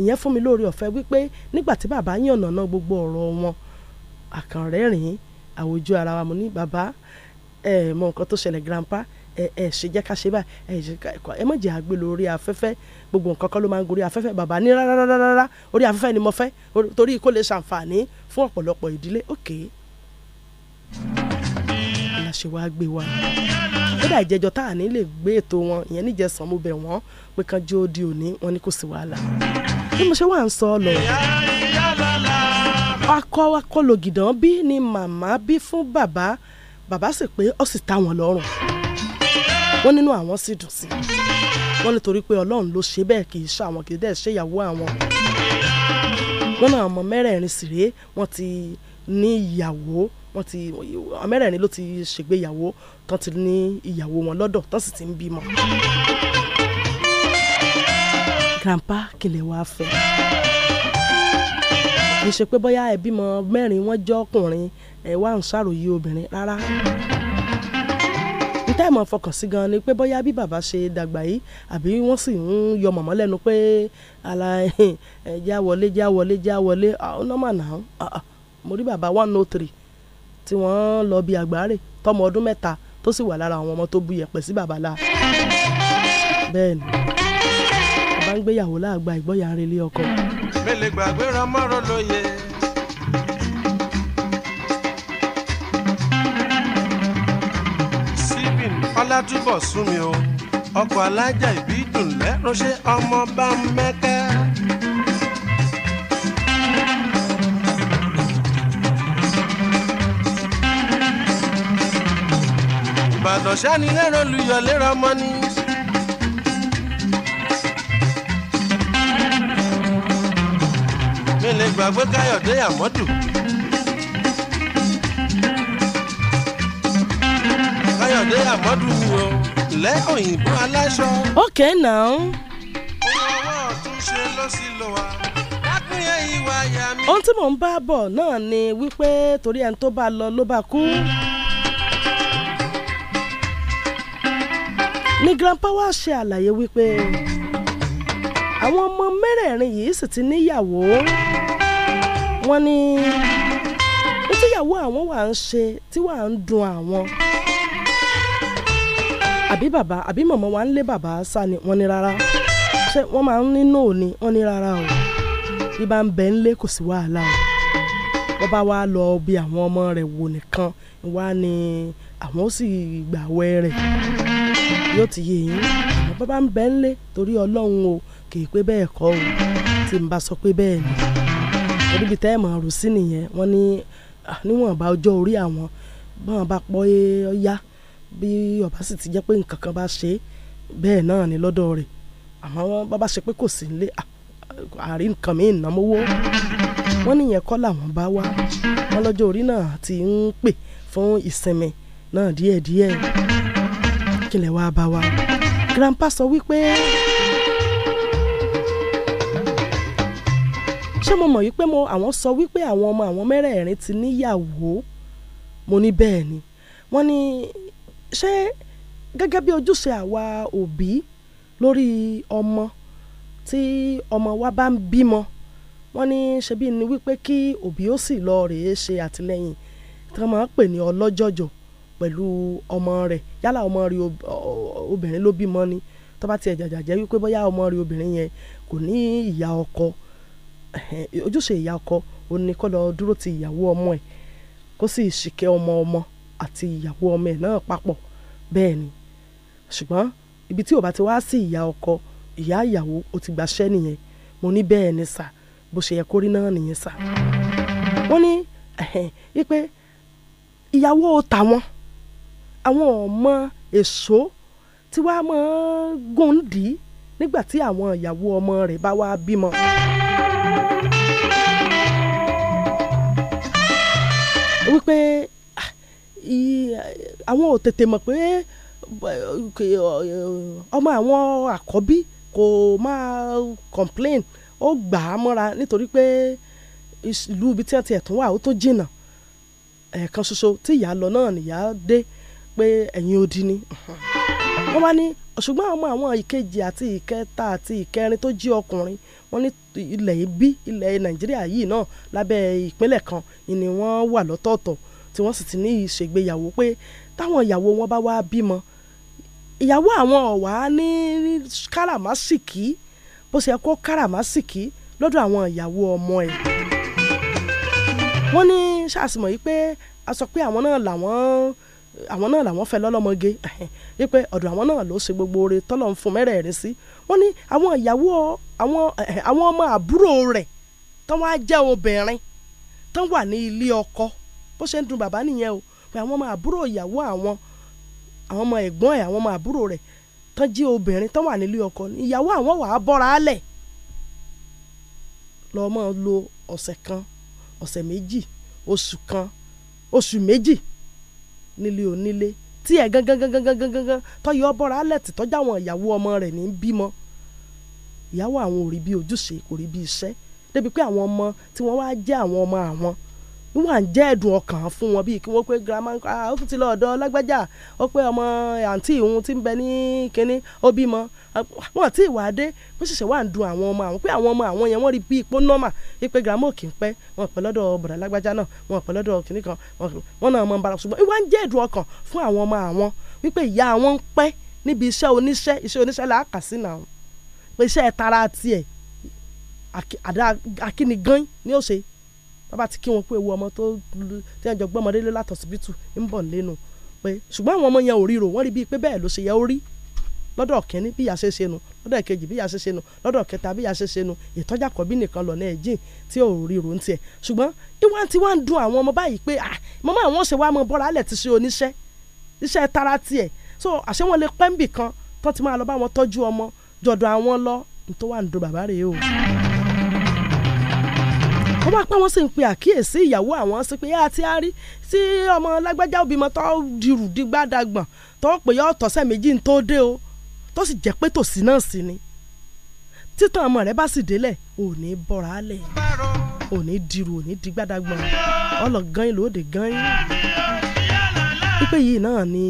ìyẹn fún mi lórí ọ̀fẹ́ wípé nígbà tí bàbá yànnàná gbogbo ọ̀rọ̀ wọn àkànrẹ́rìn àwòjú ara wa mo ní bàbá ẹ mọ nǹkan tó ṣẹlẹ̀ grandpa ẹ ẹ ṣe jẹ́ ká ṣe báyìí ẹ ṣe ká ẹ mọ̀ jẹ́ àgbè lórí afẹ́fẹ́ gbogbo nǹkan kan ló máa ń gorí afẹ́fẹ́ bàbá ní rárá rárá orí afẹ́fẹ́ ni mo fẹ́ torí kó lè ṣàǹfààní fún ọ̀pọ̀lọpọ̀ ìdílé òkè. aláṣẹ wa gbé wa kódà ìjẹjọ tá à ní lè gbé ètò wọn ìyẹn níjẹsàn mo bẹ̀ wọ́n pé kan jó di òní wọn ni kò sí wàhálà bí mo ṣe wà ń sọ lọ akọ akọ bí ni màmá bí fún bàbá bàbá sì pé ó sì ta wọn lọ́rùn wọ́n nínú àwọn sì dùn sí wọ́n lè pé ọlọ́run ló ṣe bẹ́ẹ̀ kì í ṣe àwọn kì í dẹ̀ ṣe ìyàwó àwọn wọ́n náà ọmọ mẹ́rẹ̀ẹ̀rin sì rèé wọ́n ti ní ìyàwó wọ́n ti ọmọ mẹ́rẹ̀ẹ̀rin ló ti ṣègbéyàwó tán ti ní ìyàwó wọn lọ́dọ̀ tán sì ti ń bímọ grandpa kí lè wá fẹ́ kì í ṣe pé bóyá ẹbí mọ mẹ́rin wọ́n jọ ọkùnrin ẹ̀ wá ń ṣàròyé obìnrin rárá níta ìmọ̀ fọkàn sí gan ni pé bóyá bí bàbá ṣe dàgbà yìí àbí wọ́n sì ń yọ mọ̀mọ́ lẹ́nu pé ala ẹ̀ já wọlé já wọlé já wọlé ọ̀nàmọ̀ náà mo rí bàbá one oh three tí wọ́n lọ bí àgbáre tọmọ ọdún mẹ́ta tó sì wà lára àwọn ọmọ tó bu yẹ̀pẹ̀ sí bàbá la bẹ́ẹ̀ ni ń gbéyàwó láàgbà ìgbọ́yà relé ọkọ. mele gbàgbéra mọ́rọ̀ lóye. stephen ọlátúbọ̀ sún mi o ọkọ̀ alájà ìbídùn lẹ́rọṣẹ́ ọmọ bá ń mẹ́kẹ́. ìbàdàn ṣáni lẹ́rọ̀ lùyọ̀ lérò ọmọ ni. mi ní káyọ̀dé àmọ́dù. káyọ̀dé àmọ́dù ni o lẹ́ òyìnbó aláṣọ. okay now. owó ọ̀tún ṣe ló sì lò wá ohun tí mò ń bá bọ̀ náà ni wípé torí ẹni tó bá lọ ló bá kú. ni grandpa wa ṣe àlàyé wípé àwọn ọmọ mẹ́rẹ̀ẹ̀rin yìí sì ti níyàwó wọ́n ní tíyàwó àwọn wà ń ṣe tí wà ń dùn àwọn àbí bàbá àbí mọ̀mọ́ wa ń lé bàbá sá ni wọ́n ní rárá ṣé wọ́n máa ń ní nóò ni wọ́n ní rárá o bí bá ń bẹ̀ ń lé kò sí wàhálà o wọ́n bá wá lọ bí àwọn ọmọ rẹ̀ wò nìkan wá ní àwọn ó sì gbàwẹ̀ rẹ̀ yóò ti yé yín bàbá ń bẹ̀ ń lé torí ọlọ́run o kì í pé bẹ́ẹ̀ kọ́ o tí n bá sọ pé bẹ́ẹ̀ ni oríbi tẹ́ ẹ̀ máa rò sí nìyẹn wọ́n ní níwọ̀nba ọjọ́ orí àwọn báwọn bá pọ́ ẹ yá bí ọba sì ti jẹ́ pé nǹkan kan bá ṣe bẹ́ẹ̀ náà ni lọ́dọ̀ rẹ̀ àmọ́ bàbá ṣe pé kò sí nílé àrí nǹkan mi ìnámówó wọ́n nìyẹn kọ́ làwọn bá wá wọ́n lọ́jọ́ orí náà ti ń pè fún ìsinmi náà díẹ̀díẹ̀ kílẹ̀ wá bá wa grandpa sọ wípé ṣé mo mọ̀ yìí pé mo àwọn sọ wípé àwọn ọmọ àwọn mẹ́rẹ̀ẹ̀rin ti níyàwó mo ní bẹ́ẹ̀ ni wọ́n ní ṣé gẹ́gẹ́ bí ojúṣe àwa òbí lórí ọmọ tí ọmọ wa bá ń bímọ wọ́n ní ṣebí ni wípé kí òbí ó sì lọ rèé ṣe àtìlẹ́yìn tí wọ́n máa ń pè ní ọlọ́jọ̀jọ̀ pẹ̀lú ọmọ rẹ̀ yálà ọmọ rẹ̀ obìnrin ló bímọ ni tó bá tiẹ̀ jàjà jẹ́ wípé bóyá ọmọ rẹ̀ obìnrin yẹn kò ní ìyá ọkọ ojúṣe ìyá ọkọ òun ni kó lọ dúró ti ìyàwó ọmọ ẹ̀ kó sì ṣìkẹ́ ọmọ ọmọ àti ìyàwó ọmọ ẹ̀ náà papọ̀ bẹ́ẹ̀ ni ṣùgbọ́n ibi tí o bá ti wá sí ìyá ọkọ ìyá ìyàwó ó ti gbaṣẹ́ nìyẹn mo ní bẹ́ẹ̀ ni sà bó ṣe yẹ kó rí náà nìyẹn sà wọ́n ní wípé ìyàwó tàwọn àwọn ọmọ èso tí wàá mọ̀ gòǹdì nígbà tí àwọn ìyàwó ọmọ rẹ̀ bá wá bímọ. wípé ah, àwọn ò tètè mọ̀ pé ọmọ àwọn àkọ́bí kò máa complain ó gbà á mọ́ra nítorí pé ìlú ibi tí wọ́n ti ẹ̀tún wà ó tó jìnnà ẹ̀ẹ̀kan ṣoṣo tí ìyá lọ náà nìyá dé pé ẹ̀yin odi ni wọ́n wá ní ṣùgbọ́n àwọn àwọn ìkejì àti ìkẹta àti ìkẹrin tó jí ọkùnrin wọ́n ní ilẹ̀ bí ilẹ̀ nàìjíríà yìí náà lábẹ́ ìpínlẹ̀ kan ni wọ́n wà lọ́tọ̀ọ̀tọ̀ tí wọ́n sì ti ní ìṣègbéyàwó pé táwọn ìyàwó wọn bá wá bímọ ìyàwó àwọn ọ̀wá ní káràmásìkì bó ṣe kó káràmásìkì lọ́dọ̀ àwọn ìyàwó ọmọ ẹ̀ wọ́n ní ṣàṣìmọ̀ yìí pé a sọ pé àwọn náà làwọn àwọn náà làwọn fẹ́ lọ́lọ́mọge wípé ọ̀dọ̀ àwọn náà ló ṣe gbogbo oore tọ́lọ́ ń fún mẹ́rẹ̀ẹ̀rin sí wọ́n ní àwọn ìyàwó àwọn eh, àwọn ọmọ àbúrò rẹ̀ tán wá jẹ́ obìnrin tán wà ní ilé ọkọ bó ṣe ń dun bàbá nìyẹn o pé àwọn ọmọ àbúrò ìyàwó àwọn àwọn ọmọ ẹ̀gbọ́n ẹ̀ àwọn ọmọ àbúrò rẹ̀ tán jẹ́ obìnrin tán wà nílé ọkọ ìyàwó àwọn wàá bọ́ra á lẹ̀ lọ́ọ́ máa lo ọ̀sẹ̀ kan ọ̀sẹ̀ méjì oṣù kan oṣù méjì nílé onílé tí ẹ̀ gangan gangan gangan gangan tọ́yọ ọbọ̀ra alẹ́tì tọ́jà àwọn ìyàwó ọmọ rẹ̀ ní bímọ ìyàwó àwọn ò rí bí ojúṣe kò rí bí iṣẹ́ débi pé àwọn ọmọ tí wọ́n wá jẹ́ àwọn ọmọ àwọn ń wà ń jẹ́ ẹ̀dùn ọkàn fún wọn bíi kí wọ́n pé girama ah, ó ti lọ ọ̀dọ̀ lágbájá ó pé ọmọ àǹtí òun ti ń bẹ ní kínní ó bímọ wọn àti ìwà adé bó ṣẹ̀ṣẹ̀ wà ń dun àwọn ọmọ àwọn pé àwọn ọmọ àwọn yẹn wọ́n rí bíi ipò nọ́mà pé girama ò kì í pẹ́ wọn pẹ́ lọ́dọ̀ bọ̀dà lágbájá náà wọn pẹ́ lọ́dọ̀ kínní kan wọn náà mọ ń bara ṣùgbọ́n ìwà ń jẹ́ ẹ̀dùn ọkàn fún àwọn ọmọ àwọn wípé ìyá àwọn ń pẹ́ níbi iṣẹ́ oníṣẹ́ iṣẹ́ oníṣẹ́ là á kà sí náà pé iṣẹ́ tara tiẹ̀ àdá akínigan ni ó ṣe bàbá ti kí wọn pé ewu ọmọ tó tí wọn jọ gbọ́ ọmọdé lé látọsibítù ń bọ̀ lẹ́nu pé ṣùgbọ́n àwọn ọmọ yẹn ò ríro wọ́n rí bíi pé bẹ́ẹ̀ ló ṣe yẹ ó rí lọ́dọ̀ kẹ́ni bí yàá ṣe ṣe nu lọ́dọ̀ kejì bí yàá ṣe ṣe nu lọ́dọ̀ kẹta bí yàá ṣe ṣe nu ìtọ́jà kọ̀bí nìkan lọ náà jìn tí ò ríro ń tiẹ̀ ṣùgbọ́n ìwà tí wọ́n ń dun àwọn ọmọ báyìí pé ah, mọ́mọ́ àwọn ṣe wá mọ́ bọ́ra alẹ̀ ti ṣe oníṣẹ́ iṣẹ́ tara tiẹ̀ so àṣẹ wọn lè pẹ́ńbì kan tó ti máa lọ bá wọn tọ́jú ọmọ jọ̀dọ̀ àwọn lọ ní tó wà ń dun bàbá rèé o ó wá pé wọ́n sì ń pe àkíyèsí ìyàwó àwọn sí pé àti àárí tí ọmọ lágbájá obìnrin tó dirù dígbàdàgbọ̀n tó pè yọ ọ̀tọ̀sẹ̀ méjì ń tó dé o tó sì jẹ́ pé tòsí náà sí ni títàn ọmọ rẹ bá sì délẹ̀ òní bọ̀rọ̀ alẹ̀ òní dirù òní dígbàdàgbọ̀n ọlọ́gán ìlòdì gan yín pípé yìí náà ni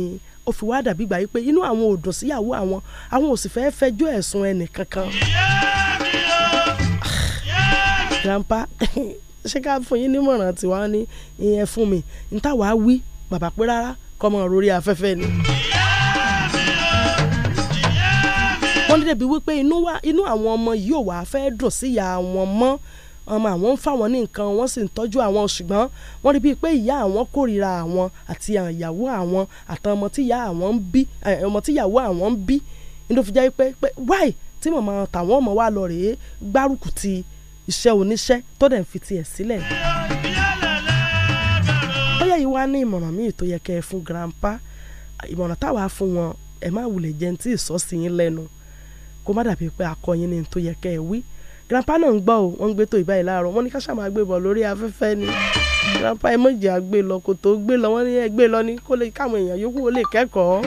ó fi wá dàbí gbà yí pé inú àwọn ò dùn síyàwó àwọn àwọn ò sì fẹ́ fẹjọ́ ẹ̀sùn ẹnì kankan. Yeah! grandpa ṣé ká fún yín nímọ̀ràn tiwa ní ìyẹn fún mi n táwa wí bàbá pé rárá kọ́mọ orí afẹ́fẹ́ ni. wọ́n dédé bi wípé inú àwọn ọmọ yìí ò wá fẹ́ dùn síyà wọn mọ́ ọmọ àwọn ń fáwọn ní nǹkan wọ́n sì ń tọ́jú àwọn ṣùgbọ́n wọ́n rí bíi pé ìyá àwọn kórìíra àwọn àti ìyàwó àwọn àtàwọn ọmọ tíyà àwọn ń bí ọmọ tíyàwó àwọn ń bí inú fi jẹ́ pé wáì tí màmá tàwọn ọmọ wa lọ rèé gbárùkù ti iṣẹ́ oníṣẹ́ tó dẹ̀ ń fi tiẹ̀ sílẹ̀. bóyá yìí wá ní ìmọ̀ràn míì tó yẹ kẹ́ ẹ fún grandpa ìmọ̀ràn táwa fún wọn ẹ má wulẹ̀ jẹ́ ní tí ìsọ́sí yín lẹ́nu kó má dàbí pé akọyin ni tó yẹ kẹ́ ẹ wí grandpa náà ń gbọ́ o wọ́n ń gbé tó ìbáyìí láàárọ̀ wọ́n ní ká ṣàmà gbé bọ̀ lórí afẹ́fẹ́ ni grandpa ẹ mọ̀jẹ̀ àgbé lọ kò tó gbé lọ wọ́n ní ẹ gbé lọ ní kó lè káwọn èèyàn yòókù ó lè kẹ́kọ̀ọ́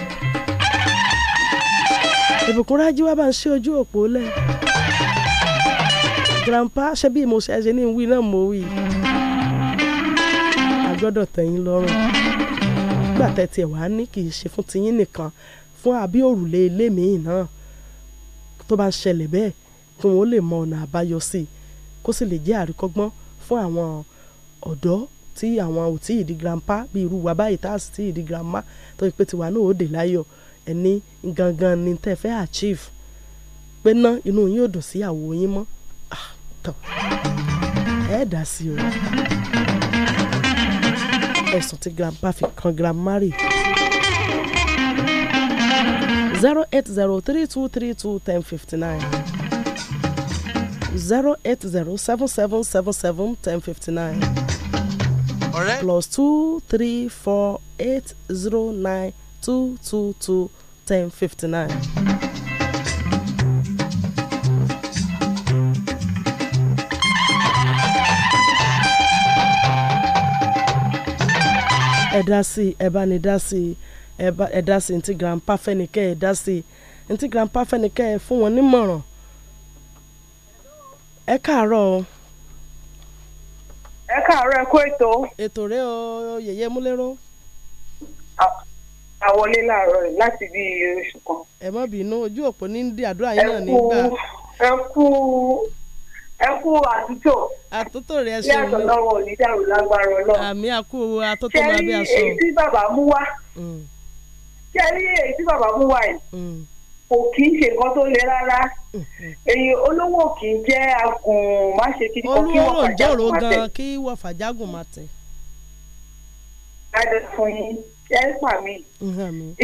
ìbùkún rájí wá bá ń ṣe ojú òpó lẹ́ẹ̀ grandpa ṣé bí mo ṣe ṣe ní wí náà mo wí a gbọ́dọ̀ tẹ̀yìn lọ́rùn nígbà tẹ̀tẹ̀ wá ní kì í ṣe fún tiyín nìkan fún àbí òrùlé ilé mi náà tó bá ń ṣẹlẹ̀ bẹ́ẹ̀ kí wọ́n lè mọ ọ̀nà àbáyọ sí i kó sì lè jẹ́ àríkọ́gbọ́n fún àwọn ọ̀dọ́ tí àwọn ò tí ì di grandpa bí irú wa báyìí tá a sì tí ì di grandma tó yẹ pé tiwa náà ó dè láyọ̀ ẹni gangan ni tẹ́ fẹ́ achieve pé ná inú yín ò dùn síyàwó yín mọ́ ah tọ ẹ dá sí o ẹ̀sùn tí grandpa fi kan grandma zero eight zero three two three two ten fifty nine zero eight zero seven seven seven seven ten fifty nine plus two three four eight zero nine two two two ten fifty nine. ẹ dá sí i ẹ bá ní dá sí i ẹ dá sí i ntí grandpa fẹ́nìkẹ́ ẹ dá sí i ntí grandpa fẹ́nìkẹ́ ẹ fún wọn nímọ̀ràn ẹ káàárọ̀ o. ẹ káàárọ̀ ẹ kó ètò. ètò rẹ o yèyé múlẹ́rọ. àwọlé láàárọ̀ rẹ̀ láti bí oṣù kan. ẹ má bínú ojú òpó ní dí àdúrà yín náà nígbà. ẹ kú ẹ kú ẹ kú àtúntò. àtúntò rẹ ṣe wọlé. bí àtọ̀ lọ́wọ́ ò ní dàrú lágbára ọlọ́run. àmì àkú àtúntò máa bí aṣọ. ṣé èyí tí bàbá mú wá. Mm. ṣé rí èyí tí bàbá mú wá yìí. Mm. kò kì í ṣe nǹkan tó le rárá. Mm. èyí olówó kì í jẹ́ agùn má ṣe kí wọ́n kí wọ́n fàjágùn má tẹ̀. olówó kí wọ́n fàjágùn má tẹ̀. adé fún yín ẹ pa mí.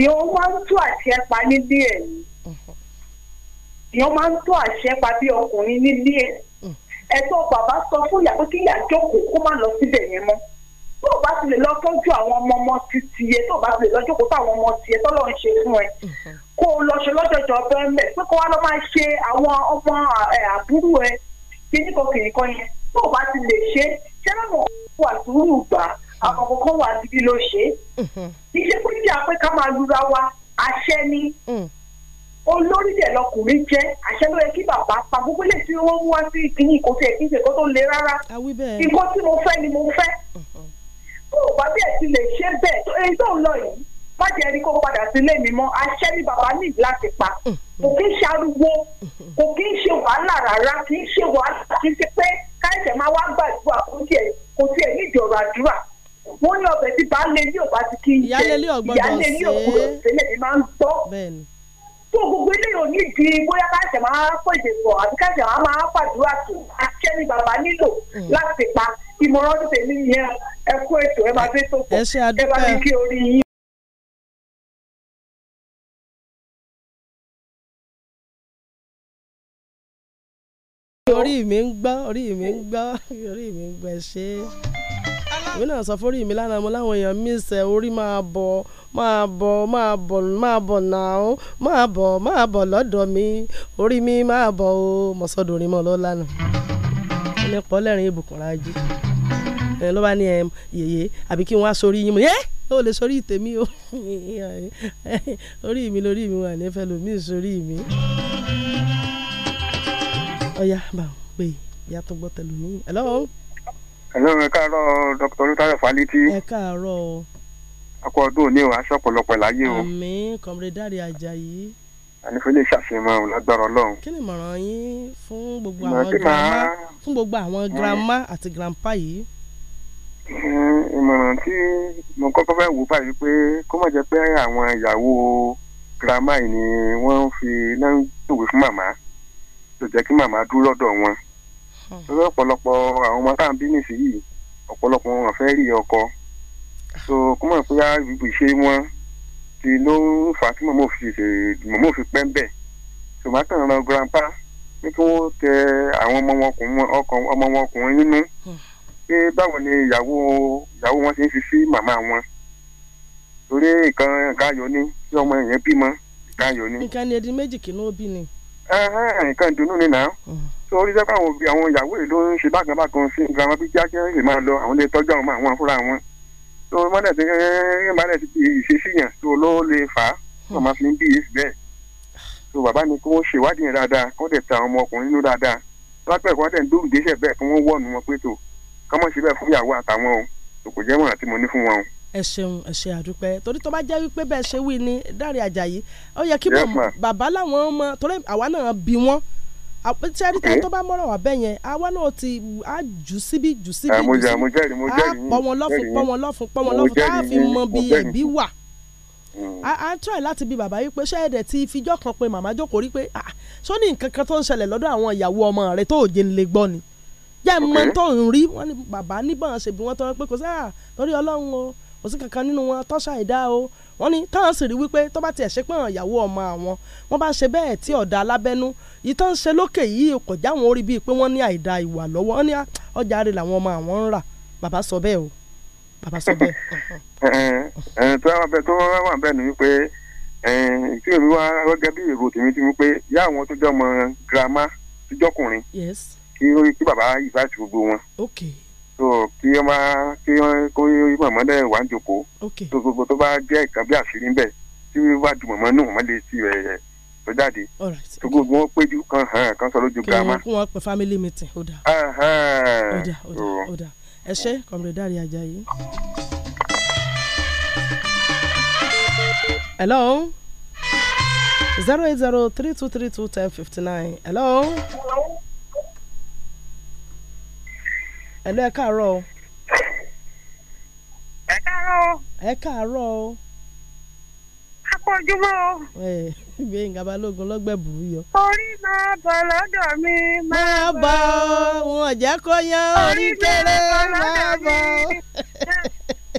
ìyẹn wọn máa ń tú àti ẹ pa ní díẹ̀ ni èèyàn máa ń tó àṣẹ pa bí ọkùnrin nílé ẹ̀ mm. ẹ̀tọ́ bàbá sọ fún ìyá pé kí ìyá jókòó kó má lọ síbẹ̀ yẹn mọ́ tó o bá ti lè lọ tọ́jú àwọn ọmọ ọmọ títí ẹ tó o bá ti lè lọ jókòó táwọn ọmọ tiẹ̀ tọ́lọ́ ń ṣe fún ẹ mm-hmm. kó o lọ ṣe lọ́jọ́jọ́ bẹ́ẹ̀ pé kó wá lọ máa ṣe àwọn ọmọ àbúrò ẹ kíní kan kìnìún kan yẹn tó o bá ti lè ṣe ṣé láwọn ọkọ wà sùúrù gbà àwọn kọ̀ọ̀kan wà síbi ló ṣe. iṣẹ́ mm-hmm. pé kí a pé ká máa ni mm olórí dẹ̀ lọkùnrin jẹ́ àṣẹ ló yẹ kí bàbá pa gbogbo lè fi owó mú wá sí ìkíní kò tiẹ̀ kí n ṣe kó tó le rárá nǹkan tí mo fẹ́ ni mo fẹ́ tó o bá bẹ́ẹ̀ ti lè ṣe bẹ́ẹ̀ tó èyí tó ń lọ yìí má jẹ́ ẹni kó padà sílé mi mọ́ àṣẹ ni bàbá ní láti pa kò kí ń ṣàrúgbó kò kí ń ṣe wàhálà rárá kì í ṣe wàhálà kì í ṣe pé káyọ̀tẹ̀ máa wá gbàdúrà kò tiẹ̀ kò tiẹ̀ nídìí ọ̀rọ̀ àdúrà wọ́n ní ọbẹ̀ tó gbogbo eléyìí ò ní di bóyá ká ṣẹ̀ máa pèsè pọ̀ àbí ká ṣẹ̀ máa pàdúrà tó akẹ́ni bàbá nílò hmm. láti pa ìmọ̀ràn tètè ní ìyẹn ẹ kó ètò ẹ máa dé tó pọ̀ ẹ bá mi kí orí yín. orí mi ń gbọ́ orí mi ń gbọ́ orí mi ń gbọ́ ṣe é èmi náà sọ fún orí mi lánàá mo láwọn èèyàn mí sẹ́ orí máa bọ̀ máa bọ̀ máa bọ̀ máa bọ̀ náà ó máa bọ̀ máa bọ̀ lọ́dọ̀ mi orí mi máa bọ̀ ó mọ̀sọ́dọ̀rin mọ́ lọ́la nù. ẹni pọ́ lẹ́rìn ìbùkún rájí ẹ ló bá ní ẹ yèyé àbí kí wọ́n á sórí yín mọ́ yé ó lè sórí tèmi o orí mi lórí mi wà nífẹ̀ẹ́ lómi sórí mi. ọ̀ya bá ń pè ìyá tó gbọ́ tẹ̀lé mi. hello. hello ẹ káàárọ̀ dr olùtayọ̀ falẹ́tì. ẹ káàárọ̀ o ọkọ̀ ọdún òní o aṣọ ọ̀pọ̀lọpọ̀ láyé o. àmín kọ̀m̀rẹ́dárì Àjàyí. ànífẹ́ lè ṣàfihàn òun lágbára Ọlọ́run. kí ni ìmọ̀ràn yín fún gbogbo àwọn grandma fún gbogbo àwọn hmm. grandma àti grandpa yìí. Eh, ìmọ̀ràn tí mo kọ́kọ́ fẹ́ wò báyìí pé kó má jẹ́ pé àwọn ìyàwó grandma yìí ni wọ́n fi náà ń gbòwe fún màmá tó jẹ́ kí màmá dúró lọ́dọ̀ wọn. Hmm. lọ́pọ̀lọpọ̀ àwọn ọmọ táwọn bí so kó mọ̀ pé gbogbo ìṣe wọn ti ló fà á tí mọ̀mọ́ fi ṣe mọ̀mọ́ fi pẹ́ ń bẹ̀ tòmátàn ran grandpa ní kí wọ́n tẹ àwọn ọmọ wọn ọkùnrin ọmọ wọn ọkùnrin nínú pé báwo ni ìyàwó ìyàwó wọn ṣe ń fi sí màmá wọn torí nǹkan nǹkan ayọ̀ ni tí ọmọ yẹn bímọ nǹkan ayọ̀ ni. nǹkan ni ẹdín méjì kì bí ni. nǹkan ìdùnnú ni náà tó orí sẹ́kọ̀ àwọn ìyàwó yìí ló ń ṣe bákan bákan sí nǹkan àwọn bíi jákè lè máa lọ àwọn ilé tọ́jú àwọn àwọn fúnra wọn so mọ́tẹ̀ tí ìmọ̀lẹ̀ ti ìṣesí yàn so ló lè fà á hmm. wọ́n máa fi ń bí èsì bẹ́ẹ̀ so bàbá ni kó ṣèwádìí yẹn dáadáa kó dẹ̀ ta ọmọ ọkùnrin nínú dáadáa lápẹ̀ kó dẹ̀ ń dóòlù déṣẹ̀ bẹ́ẹ̀ kó wọ́n wọ̀nù wọn pé tó ká mọ̀ ṣe bẹ́ẹ̀ fún ìyàwó àtàwọn o tó kò jẹ́ mọ̀ràn tí mo ní fún wọn o. ẹ ṣeun ẹ ṣe àdúpẹ́ torí tó bá jẹ́ wípé bẹ́ẹ̀ ṣe wí ni Dáre Àjàyí ó yẹ kí bàbá láwọn ọmọ torí àwa náà bí wọ́n àpẹtẹ́rì tẹ́ tó bá mọ́ràn wá bẹ́ẹ̀ yẹn àwa náà ti á jù síbi jù síbi jù síbi á pọ̀ wọn lọ́fun pọ̀ wọn lọ́fun pọ̀ wọn lọ́fun tá fi mọ bí ẹ̀bí wà mm. a a try láti bi bàbá yìí pé ṣé ẹ̀dẹ̀ ti fijọ́ kan pé màmá jókòó rí pé ah ṣó ní nǹkan kan tó ń ṣẹlẹ̀ lọ́dọ̀ àwọn ìyàwó ọmọ rẹ tó òjé ń lè gbọ́ ni jẹ́ mọ tó ń rí wọn ni bàbá níbọn ṣèbí wọn tọ́ pé kò sí à torí ọlọ́run o kò sí kankan nínú wọn tọ́ṣà ìdá o wọ́n ní káwọn sì rí wípé tó bá tiẹ̀ ṣe pé àwọn ìyàwó ọmọ àwọn wọ́n bá ṣe bẹ́ẹ̀ tí ọ̀dà alábẹ́nú yìí tó ń ṣe lókè yìí kò já wọn orí bíi pé wọ́n ní àìda ìwà lọ́wọ́ wọ́n ní ah, ọjà rẹ̀ làwọn ọmọ àwọn ń rà bàbá sọ bẹ́ẹ̀ o bàbá sọ bẹ́ẹ̀. tó wá bẹ tó wá bẹ ni wípé tí èmi wá gẹ́gẹ́ bí èrò tèmi ti wípé yá àwọn tó jọmọ girama tó jọkùnrin kí so kí ẹ má kí kó mọ̀mọ́ dẹ̀ wá ń jòkó so gbogbo tó bá jẹ́ ìkan bí àṣírí ńbẹ tí wọ́n bá dùn mọ̀mọ́ náà wọ́n lè ti rẹ̀ rẹ̀ tó jáde tó gbogbo wọn péjú kan hàn kan sọ lójú gàmá. kí wọ́n pè family meeting ó dà ah, ah. ó dà ẹ ṣe comrade Dáre Àjàyí. hello zero eight zero three two three two ten fifty nine hello? ẹ̀lú ẹ káàárọ̀ o. ẹ káàárọ̀ o. ẹ káàárọ̀ o. akọjúmọ́ o. ẹ bí nga balógun lọ́gbẹ̀bù yọ. orí máa bọ̀ lọ́dọ̀ mi máa bọ̀ o. wọn ò jẹ́ kó yan orí kéré máa bọ̀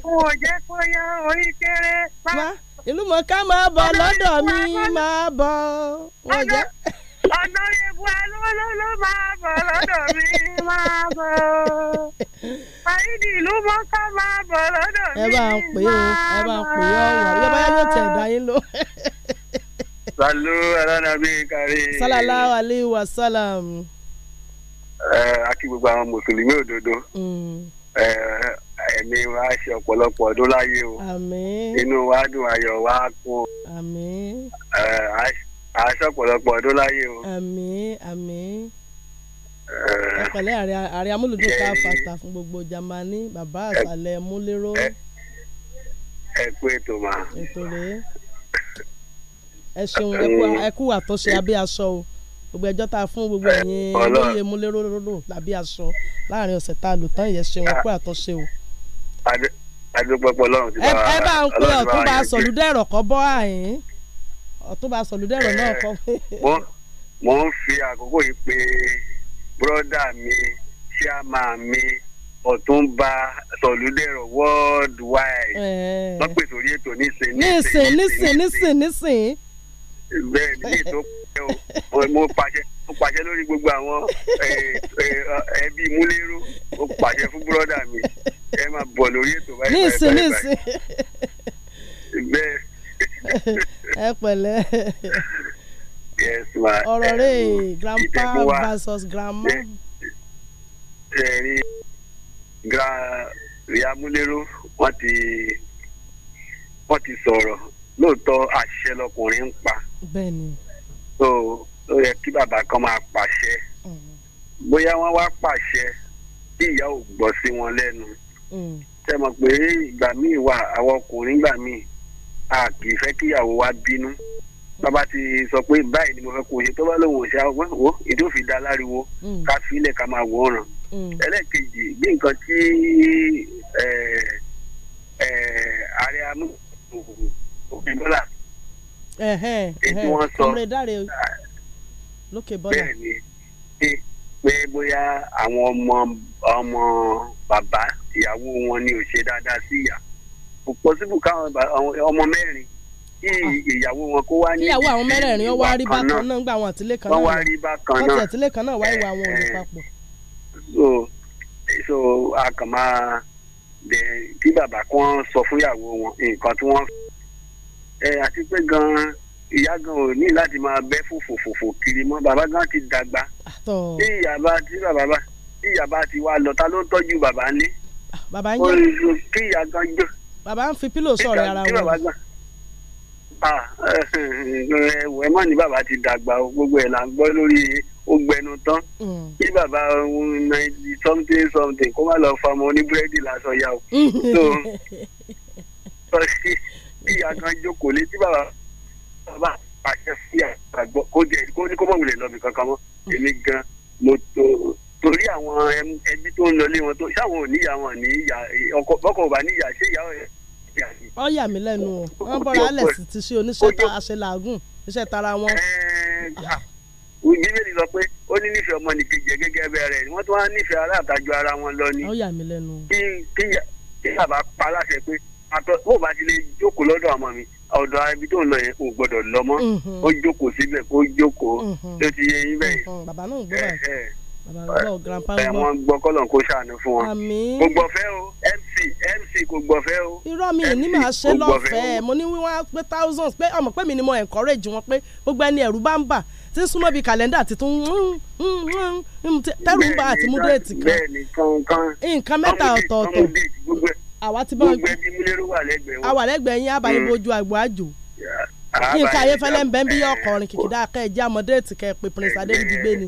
o. wọn ò jẹ́ kó yan orí kéré máa bọ̀ ìlú mọ̀ká máa bọ̀ lọ́dọ̀ mi máa bọ̀ o ọ̀dọ́ ebu alóló ló máa bọ̀ lọ́dọ̀ mi máa bọ̀ o. fàyídì ìlú mọ́ká máa bọ̀ lọ́dọ̀ mi máa bọ̀ o. ẹ bá ń pè é o ẹ bá ń pè é ọ̀wọ́ yóò bá yóò tẹ̀ ẹ̀dá yín lọ. sàlú alánàbí wa sálàm. ẹ akí gbogbo àwọn mùsùlùmí òdodo ẹ̀mí wa ṣe ọ̀pọ̀lọpọ̀ ọdún láyé o. inú wa dùn ayọ̀ wa kún. àmín àṣọ pọ̀lọpọ̀ ọdún láyé o. àmín àmín eh. ẹ̀pẹ̀lẹ́ ààrẹ amúlùdún ká fàtà fún gbogbo jamani bàbá àṣàlẹ̀ múlẹ́rọ́. Eh. ẹ kú ètò mà. ètò rèé ẹ ṣeun ẹ kú àtúnṣe abẹ́ aṣọ o gbogbo ẹjọ́ tá a fún gbogbo eh, ẹ̀yin olóye múlẹ́rọ́rọ́rọ́ tàbí aṣọ láàrin ọ̀sẹ̀ tá a lò tán ìyẹn ṣeun ẹ kú àtúnṣe o. adúpọ̀pọ̀ lọ́run ti bá a. ẹ bá ń pe ọ̀túnba sọ̀lúdẹ̀rọ̀ kọ́ bọ́ àyín ọ̀túnba sọ̀lúdẹ̀rọ̀ náà kọ́. mo ń fi àkókò yìí pé bùrọ́dà mi chairman mi ọ̀túnba sọ̀lúdẹ̀rọ̀ worldwide wọ́n pè sórí ètò nísìn nísìn nísìn nísìn nísìn. bẹ́ẹ̀ ni ní ìtò pẹ́ o mo pàṣẹ mo pàṣẹ lórí gbogbo àwọn ẹbí múlẹ́rú mo pàṣẹ fún bùrọ́dà mi ẹ máa bọ̀ lórí ètò báyìí báyìí báyìí bẹ́ẹ̀. ẹ pẹ̀lẹ́ ọ̀rọ̀ rẹ̀ grandpa versus grandma. ẹ̀rí gra ìyá múlẹ́rú wọ́n ti wọ́n ti sọ̀rọ̀ lóòótọ́ àṣẹ lọkùnrin ń pa. bẹ́ẹ̀ni. so ó yẹ kí bàbá kan máa pàṣẹ. Mm. bóyá wọ́n wá pàṣẹ bí ìyá ò gbọ́ sí wọn lẹ́nu. Mm. ṣé mọ̀ pé ìgbà míì wà àwọn ọkùnrin gbà míì a kì í fẹ́ kíyàwó wa bínú bàbá ti sọ pé báyìí ni mo fẹ́ kó o ṣe tó bá lòun ò ṣe àwọn wo èdè òfin da láriwo mm. ká filẹ̀ ká máa wọ̀ ọ̀ràn mm. ẹlẹ́ẹ̀kejì bí nǹkan tí ààrẹ amú òfin dọ́là èyí wọ́n sọ bẹ́ẹ̀ ni pé bóyá àwọn ọmọ ọmọ bàbá ìyàwó wọn ni ò ṣe dáadáa sí ìyá kò pọ́sibù káwọn ọmọ mẹ́rin kí ah. ìyàwó wọn kó wá ní ìyàwó àwọn mẹ́rẹ̀ẹ̀rin wọ́n wá rí bákan náà nígbà àwọn àtìlẹ́ kan náà wọ́n wá rí bákan náà wọ́n ti àtìlẹ́ kan náà wá ìwà àwọn òní eh, papọ̀. so so a kàn máa bẹ kí bàbá kan sọ fún ìyàwó wọn nǹkan tí wọ́n ẹ eh, àti pé gan-an ìyá gan ò ní láti máa bẹ́ fòfòfòfò kiri mọ́ bàbá gan ti dàgbà ah, tí ìyàbá tí bàbá bá tí ìyàbá ti wá lọ ta ló ń tọ́jú bàbá ní. Ah, bàbá ń kí ìyá gan jẹ́ bàbá ń fi pílò sọ̀rọ̀ ara wọn. Ah, ẹ̀wọ̀ ẹ má ní bàbá ti dàgbà gbogbo ẹ̀ là ń gbọ́ lórí ó gbẹnu tán bí mm. bàbá ninety something something kó má lọ fa ọmọ oníbúrẹ́dì lásán yá o. bí ìyá kan jókòó létí bàbá bàbá àṣẹ sí àgbọ̀ kó jẹ kó ní kó mọ̀ wulẹ̀ lọ́bì kankan mọ́ èmi gan mo tó torí àwọn ẹbí tó ń lọlé wọn tó ṣáwọn ò níyà wọn níyà ọkọ bọ́kọ̀ ò bá níyà ṣé ìyá ó yà mí lẹ́nu o wọ́n bọ́ra alex ti ṣe oníṣẹ́ ta aṣelàágùn iṣẹ́ tara wọn. bíbélì sọ pé ó ní nífẹ̀ẹ́ ọmọnìkejì gẹ́gẹ́ bẹ́ẹ̀ rẹ̀ wọ́n tún wá nífẹ̀ẹ́ aláàtàjọ ara wọn lọ ni. ó yà mí lẹ́nu o. kí kí bàbá pa aláṣẹ pé bó bá ti lè jókòó lọ́dọ̀ àmọ́ mi ọ̀dọ̀ ibi tó ń lọ yẹn kò gbọ́dọ̀ lọ mọ́ mhm. ó jókòó síbẹ̀ kó jókòó tó mhm. ti yẹ yín bẹ́ẹ̀. Mhm. bàbá náà gbọ́dọ̀ ẹ̀wọ̀n gbọ́ kọ́lọ̀n kó ṣàánú fún wọn. kò gbọ̀fẹ́ o mc mc kò gbọ̀fẹ́ o. irọ́ mi ní màá ṣe lọ́fẹ̀ẹ́ mo ní wíwá pé thousands pé ọmọ pé mi ni mo encourage wọn pé gbogbo ẹni ẹ̀rù bá ń bà tí ń súnmọ́ bíi kàlẹ́ndà ti tẹ́rù ń bà àti mú déètì kan nǹkan mẹ́ta ọ̀tọ̀ọ̀tọ̀ àwa ti bá wọn lẹ́gbẹ̀ẹ́ yín abayín mm. bojú àgbò àjò. yínká ayéfẹ́lẹ́ ń bẹ́ ń bí ọkọrin kìkìdá kẹ́ ẹ jẹ́ àmọ́ kẹ́ pé prince adédìgbé ni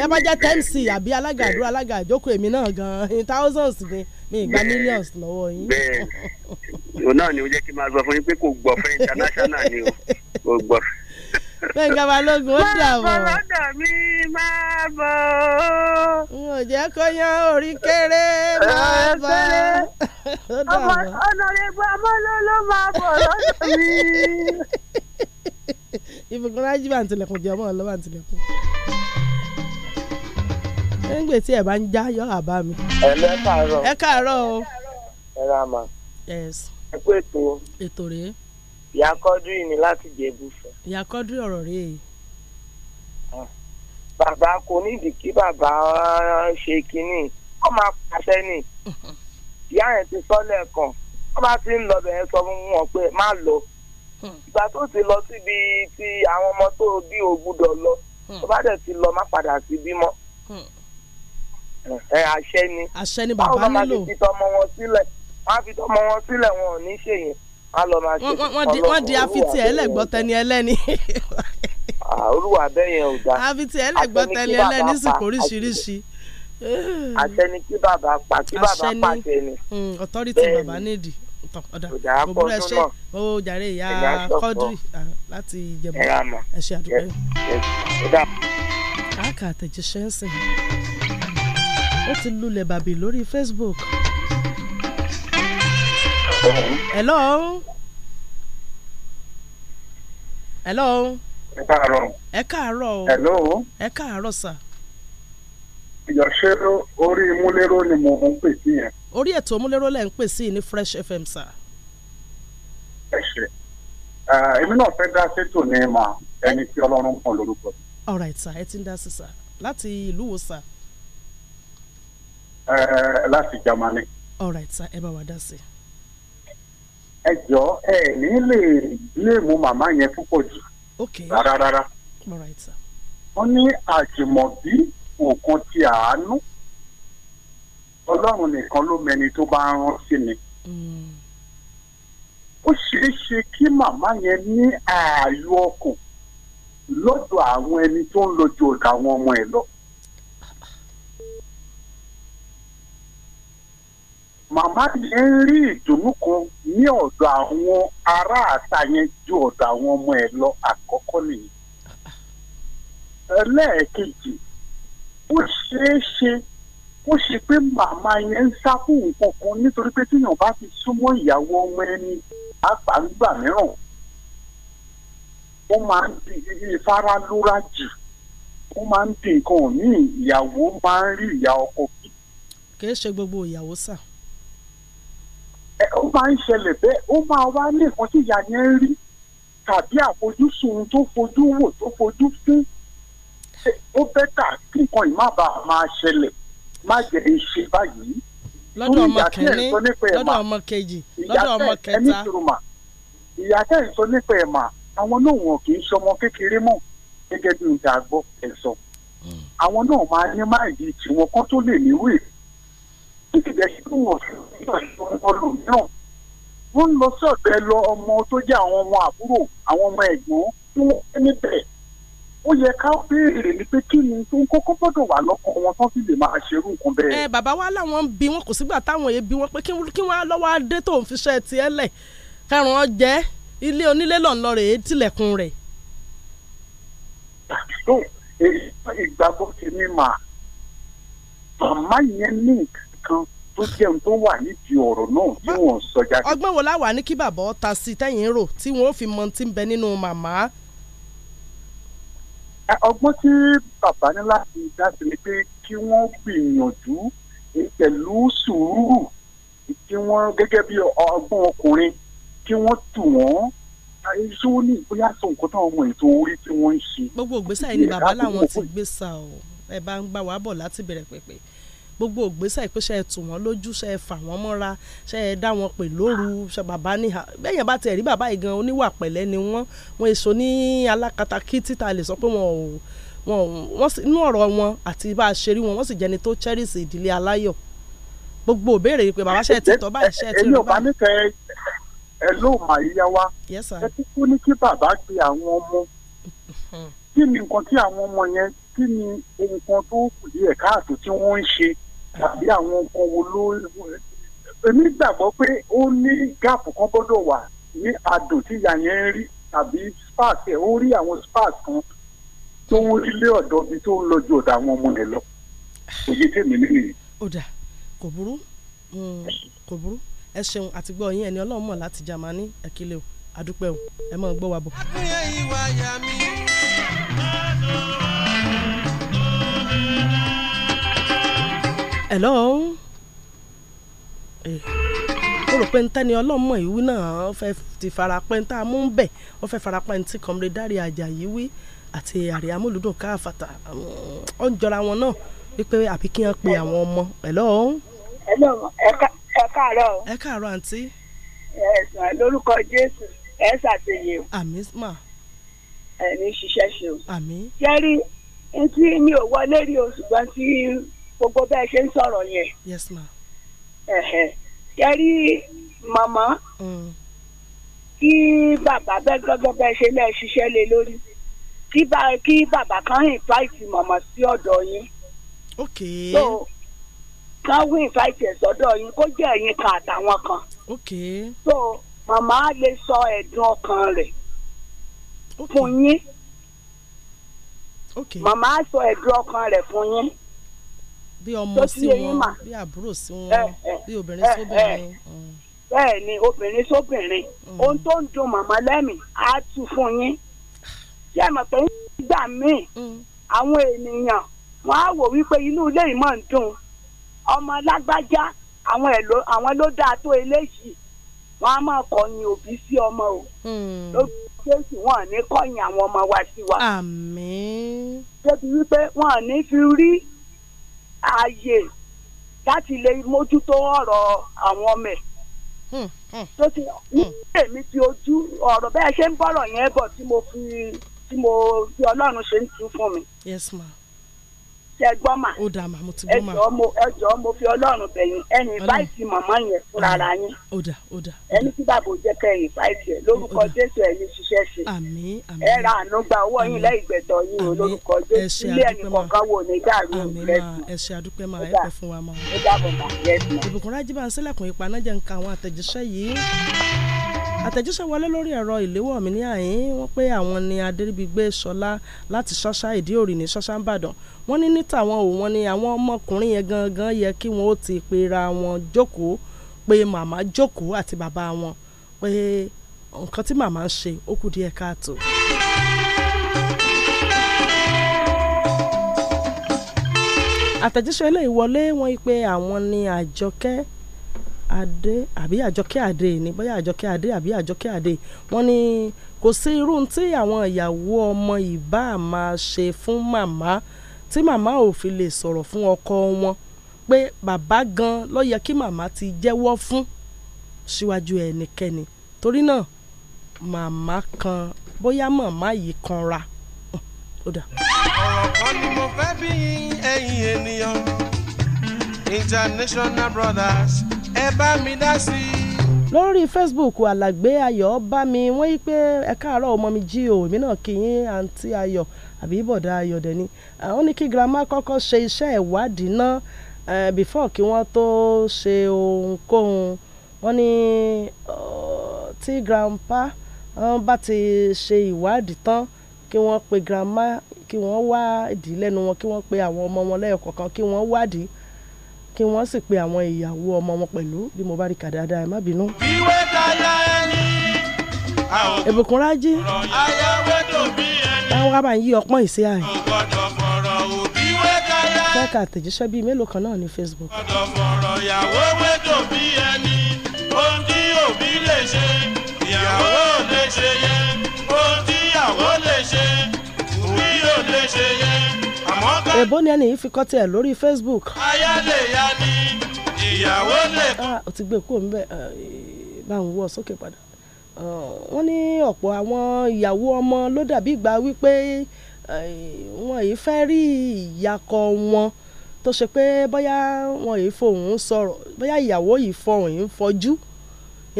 ẹ bá jẹ́ tmc àbí alága àdúrà alága ìjókòó èmi náà gan-an in thousands ni mi ìgbà millions lọ́wọ́ yín. náà ni kí n máa o gbẹ̀ngà balógun ó dà bọ̀. máa bọ̀ lọ́dọ̀ mi máa bọ̀ ó. n ò jẹ́ kó yan orí kéré máa bọ̀ ó. ọmọ ọ̀nàrẹ́gbẹ́ ọmọlóló máa bọ̀ lọ́dọ̀ mi. ìbùkún rájí bá ń tilẹ̀kùn jẹ́ ọmọ ọ̀lọ́ bá ń tilẹ̀kùn. ẹ̀ńgbè tí ẹ̀ bá ń já yọ àbá mi. ẹ káàárọ̀ ẹ káàárọ̀ o. ẹ rà mà. ìyá kọ́dúrì ni láti jẹ̀bù f ìyá Quadri ọ̀rọ̀ rèé. bàbá kò nídìí kí bàbá ṣe kínní ó máa pàṣẹ ni ìyá yẹn ti sọ lẹ́ẹ̀kan wọ́n bá ti ń lọ bẹ̀rẹ̀ sọ fún wọn pé má lọ ìgbà tó ti lọ síbi tí àwọn ọmọ tó bí o gbúdọ̀ lọ tó bá dẹ̀ ti lọ má padà sí bímọ ẹ àṣẹ ni àṣẹ ni bàbá nílò báwo ló máa fi tọmọ wọn sílẹ̀ wọ́n á fi tọmọ wọn sílẹ̀ wọn ò ní ṣèyẹn wọ́n di afitì ẹlẹ́gbọ́tẹ́ni ẹlẹ́ni. olúwa abẹ́yẹn ò dáa. afitì ẹlẹ́gbọ́tẹ́ni ẹlẹ́ni sì kóríṣiríṣi. àṣẹni kí bàbá pa kí bàbá pa tẹni. Hmm, authority bàbá nídìí ọ̀dà òbúrò ẹ ṣe ó jàre ìyá kọ́dírì láti ìjẹ̀bú ẹ ṣe àdúpẹ́. àkà àtẹ̀jíṣẹ́ ń sìn ó ti lulẹ̀ bàbí lórí Facebook hello. hello. ẹ káàárọ̀. ẹ káàárọ̀ hello. ẹ káàárọ̀ sà. ìyọ̀ṣẹ́ orí múlẹ́rọ́ ni mo ń pè sí yẹn. orí ètò múlẹ́rọ́ lẹ́ ń pè sí ní Fresh FM sà. ẹ ṣe èmi náà fẹ́ dá sétò ní ma ẹni tí Ọlọ́run kan lórúkọ. all right sà ẹ ti ń dá sí sà láti ìlú wo sà. láti Germany. all right ẹ bá wa dá sí i. ẹ jọ ẹ ní lè bílèmù màmá yẹn púpọ̀ jù rárá rárá wọ́n ní àjùmọ̀bí òkan ti àánú ọlọ́run nìkan ló mẹni tó bá rán sí ni hmm. ó ṣeé ṣe kí màmá yẹn ní ààyò ọkàn lọ́dọ̀ àwọn ẹni tó ń lọ ju àwọn ọmọ ẹ̀ lọ. màmá yẹn ń rí ìdùnnú kan ní ọ̀dọ̀ àwọn aráàta yẹn ju ọ̀dọ̀ àwọn ọmọ ẹ̀ lọ àkọ́kọ́ nìyẹn. ẹlẹ́ẹ̀kejì ó ṣeé ṣe ó ṣe pé màmá yẹn ń sá fún nǹkan kan nítorí pé tíyàn bá ti súnmọ́ ìyàwó ọmọ ẹni pàápàá nígbà mìíràn ó máa ń di ìfaralóra jù ó máa ń di nǹkan míì ìyàwó máa ń rí ìyá ọkọ bí. kì í ṣe gbogbo ìyàwó sà ó máa ń ṣẹlẹ̀ bẹ́ẹ̀ ó máa wá nìkan tí ìyá yẹn ń rí tàbí àfojúsùn tó fojú wò tó fojú fún ó bẹ́tà kí nǹkan yìí má bàa máa ṣẹlẹ̀ má jẹ́ ìṣe báyìí. lọ́dọ̀ ọmọ kìíní lọ́dọ̀ ọmọ kejì lọ́dọ̀ ọmọ kẹta. ìyá tẹ̀ ń sọ nípa ẹ̀ mà àwọn náà wọn kì í ṣọmọ kékeré mọ́ gẹ́gẹ́ bí ìjà àgbọ̀ ẹ̀ sọ. Hmm. àwọn náà máa ní máìlì tiwọn kan tó lè níwèé. títí dẹ̀ sí wọn fún ọdún mìíràn wọ́n lọ sọ̀tẹ́ lọ ọmọ tó jẹ́ àwọn ọmọ àbúrò àwọn ọmọ ẹ̀gbọ́n tí wọ́n fẹ́ níbẹ̀ ó yẹ ká béèrè ní pé kí ni tó ń kọ́kọ́ gbọ́dọ̀ wà lọ́kàn wọn tán sì lè máa ṣerú nǹkan bẹ́ẹ̀. ẹ bàbá wa làwọn ń bi wọn kò sígbà táwọn èèyàn bi wọn pé kí wọn lọ́wọ́ adé tó ń fiṣẹ́ tiẹ̀ lẹ̀ kẹrùn ọjẹ́ ilé onílé lọ́nlọ́ rèé tilẹ̀kùn rẹ̀. ìgbàgbọ́ tèmi mà màmá yẹn ní nǹkan tó jẹun tó wà nídìí ọ̀rọ̀ náà tí wọ́n sọ jáde. ọgbọ́n wo láwàá ní kí bàbá ọ̀ta sí tẹ̀yìn rò tí wọ́n fi mọ ti ń bẹ nínú màmá. ọgbọ́n tí bàbá ní láti dá sí ni pé kí wọ́n gbìyànjú pẹ̀lú sùúrù kí wọ́n gẹ́gẹ́ bí ọgbọ́n ọkùnrin kí wọ́n tù wọ́n iṣu ní bóyá sọ nǹkan táwọn ọmọ ètò orí tí wọ́n ń ṣe. gbogbo ìgbésẹ̀ yìí ni bàbá làwọn ti gbé sa ọ ẹ bá ń gbà wá bọ̀ láti bẹ̀rẹ̀ pẹ̀pẹ̀ gbogbo ògbésẹ̀ pé ṣe é tù wọ́n lójú ṣe é fà wọ́n mọ́ra ṣe é dá wọn pè lóru ṣe bàbá ní ha bẹ́ẹ̀ yẹn bá tiẹ̀ rí bàbá yìí gan oníwà pẹ̀lẹ́ ni wọ́n wọn èso ní alákatakí títa lè sọ pé wọn ò wọn wọn inú ọ̀rọ̀ wọn àti bá a ṣe rí wọn wọ́n sì jẹni tó cherish ìdílé aláyọ̀ gbogbo òbéèrè pé bàbá ṣe é tẹ̀tọ́ báyìí ṣe é tẹ̀tọ́ báyìí. bá kí ni nǹkan tí àwọn ọmọ yẹn kí ni nǹkan tó kù díẹ̀ káàtó tí wọ́n ń ṣe tàbí àwọn nǹkan wo ló èmi gbàgbọ́ pé ó ní gáàpù kan gbọ́dọ̀ wà ní adùn tí ìyá yẹn ń rí tàbí spark ẹ̀ ó rí àwọn spark kan tó ń rílé ọ̀dọ́ bíi tó ń lọ ju ọ̀dọ̀ àwọn ọmọ rẹ̀ lọ òye tèmi nìyí. ó dà kò burú hmm, kò burú ẹ ṣeun àti gbọ́ yín ẹni ọlọ́run láti Jámánì ẹ̀kílẹ̀ o àdúpẹ́ o ẹ máa gbọ́ wa bọ̀. hello eh, mo rò pé ntẹ́ni ọlọ́mọ ìwí náà fẹ́ ti fara pẹ́ ntá mú ń bẹ̀ wọ́n fẹ́ fara pẹ́ ntí kọ́mre dárí Àjàyí wí àti àrí amúlùdùn káfàtà ọ̀ ń jọra wọn náà wípé àbí kí wọ́n pe àwọn ọmọ hello. hello ẹ káàárọ̀. ẹ káàárọ̀ àǹtí. ẹ̀sán lórúkọ Jésù ẹ̀ ṣàtẹ̀yẹ. àmín mà. ẹ̀ ní ṣiṣẹ́ ṣe o. àmín. jẹ́rí ntí mi ò wọlé rí o gbogbo bẹ́ẹ̀ ṣe ń sọ̀rọ̀ yẹn. yes ma. ṣe rí màmá mm. kí bàbá bẹ́ẹ̀ gbọ́gbọ́ bẹ́ẹ̀ ṣe lẹ́ẹ̀ ṣiṣẹ́ lé lórí kí bàbá kan invite màmá sí ọ̀dọ̀ yín. ok. so kan wí invite ẹ̀ sọ́dọ̀ yín kó jẹ́ ẹ̀yin kan àtàwọn kan. ok. so màmá lè sọ ẹ̀dùn ọkàn rẹ̀ fún yín. ok. màmá sọ ẹ̀dùn ọkàn rẹ̀ fún yín. Okay bí ọmọ sí wọn bí àbúrò sí wọn bí obìnrin sóbìnrin. bẹ́ẹ̀ obìnrin sóbìnrin mm. ohun tó ń dùn màmá lẹ́mìí á tú fún yín ṣé ẹ mọ̀ pé nígbà míì mm. àwọn ènìyàn wọ́n á wò wípé inú ilé yìí máa ń dùn ọmọ lágbájá àwọn ẹ̀ ló àwọn ló dáa tó eléyìí wọ́n á máa kọ̀yìn òbí sí ọmọ o mm. lóbi jésù wọ́n ní kọ̀yìn àwọn ọmọ wa sí wa. àmín. débi wípé wọ́n ní fi rí ààyè láti lè mójútó ọ̀rọ̀ àwọn ọmọ ẹ̀ hmm, hmm. tó ti ní hmm. èmi ti ojú ọ̀rọ̀ bẹ́ẹ̀ ṣe ń bọ̀rọ̀ yẹn bọ̀ tí mo fi tí mo fi ọlọ́run ṣe ń tú fún mi. yes ma ṣe gbọ́ mà. ó dà mo ti gbọ́ mo fi ọlọ́run bẹ̀yìn ẹni báyìí mọ̀mọ́ yẹn fúnra ara yín. ẹni tí bàbá ò kẹyìn báyìí ẹ̀ lórúkọ jésù ẹ̀yin ṣiṣẹ́ ṣe. ẹ ra àánú gba owó yín lẹ́yìn gbẹ̀tọ̀ yín o lórúkọ jésù ilé ẹni kọ̀ọ̀kan wò ní dàrú rẹ̀. ẹ àdúpẹ́ máa ẹ pẹ́ fún wa máa. ó dàbọ̀ máa yẹ àtẹ̀jíṣẹ́ wọlé lórí ẹ̀rọ ìléwọ́ mi ní àyín wọ́n pé àwọn ni adéríbigbé sọlá láti ṣọ́ṣá ìdí òrì ní ṣọ́ṣá ń bàdàn wọ́n ní ní tàwọn ò wọ́n ní àwọn ọmọkùnrin yẹn gangan yẹ kí wọ́n ó ti pera wọn jókòó pé màmá jókòó àti bàbá wọn pé nǹkan tí màmá ń ṣe ó kù díẹ̀ káàtó. àtẹ̀jíṣẹ́ ilé ìwọlé wọ́n pé àwọn ni àjọkẹ́ adé àbí àjọkẹ́ adé ni bóyá àjọkẹ́ adé àbí àjọkẹ́ adé wọ́n ní kò sí irú tí àwọn ìyàwó ọmọ ìbá máa ṣe fún màmá tí màmá ò fi lè sọ̀rọ̀ fún ọkọ wọn pé bàbá gan ló yẹ kí màmá ti jẹ́wọ́ fún síwájú ẹnikẹ́ni torí náà màmá kan bóyá màmá yìí kanra ó dà. ọ̀rọ̀ kan ni mo fẹ́ bí ẹ̀yin ènìyàn international brothers ẹ bá mi dá sí i. lórí facebook alàgbé ayọ̀ bá mi wọ́n yí pé ẹ káàárọ̀ ọmọ mi jí o èmi náà kì í àǹtí ayọ̀ àbí bọ̀dá ayọ̀ dẹ̀ ni àwọn ní kí girama kọ́kọ́ ṣe iṣẹ́ ìwádìí náà before kí wọ́n tó ṣe ohunkóhun wọ́n ní tí grandpa bá ti ṣe ìwádìí tán kí wọ́n pe grandma kí wọ́n wádìí lẹ́nu wọn kí wọ́n pe àwọn ọmọ wọn lẹ́yọ̀ kọ̀ọ̀kan kí wọ́n wádìí kí wọ́n sì pe àwọn ìyàwó ọmọ wọn pẹ̀lú bí mo bá rí kà dáadáa ẹ má bínú. ìwé tayá ẹni. Ìbùkún Rájí. ayáwé tòbí ẹni. ẹ wá bá ń yí ọpọ́n ìṣe àyè. ọ̀gọ́dọ̀ fọ̀rọ̀ òbí wé tayá ẹni. fẹ́ẹ̀ka àtẹ̀jíṣẹ́ bíi mélòó kan náà ní Facebook. ọ̀gọ́dọ̀ fọ̀rọ̀ ìyàwó wé tòbí ẹni. ohun tí òbí lè ṣe ìyàwó ò lè ṣe yẹn. ohun tí ìyàwó lè ṣe òbí ò lè ṣe yẹn èbó ni ẹni yìí fi kọ́tì ẹ̀ lórí Facebook. aya lè ya ni ìyàwó lè. ó ah, ti gbé kúrò níbẹ̀ ah, eh, bá ń wọ sókè padà ah, wọ́n ní ọ̀pọ̀ àwọn ìyàwó ọmọ ló dàbí ìgbà wípé eh, wọn yìí fẹ́ rí ìyàkọ̀ wọn tó ṣe pé bóyá wọn yìí fohùn sọ̀rọ̀ bóyá ìyàwó yìí fohùn yìí fojú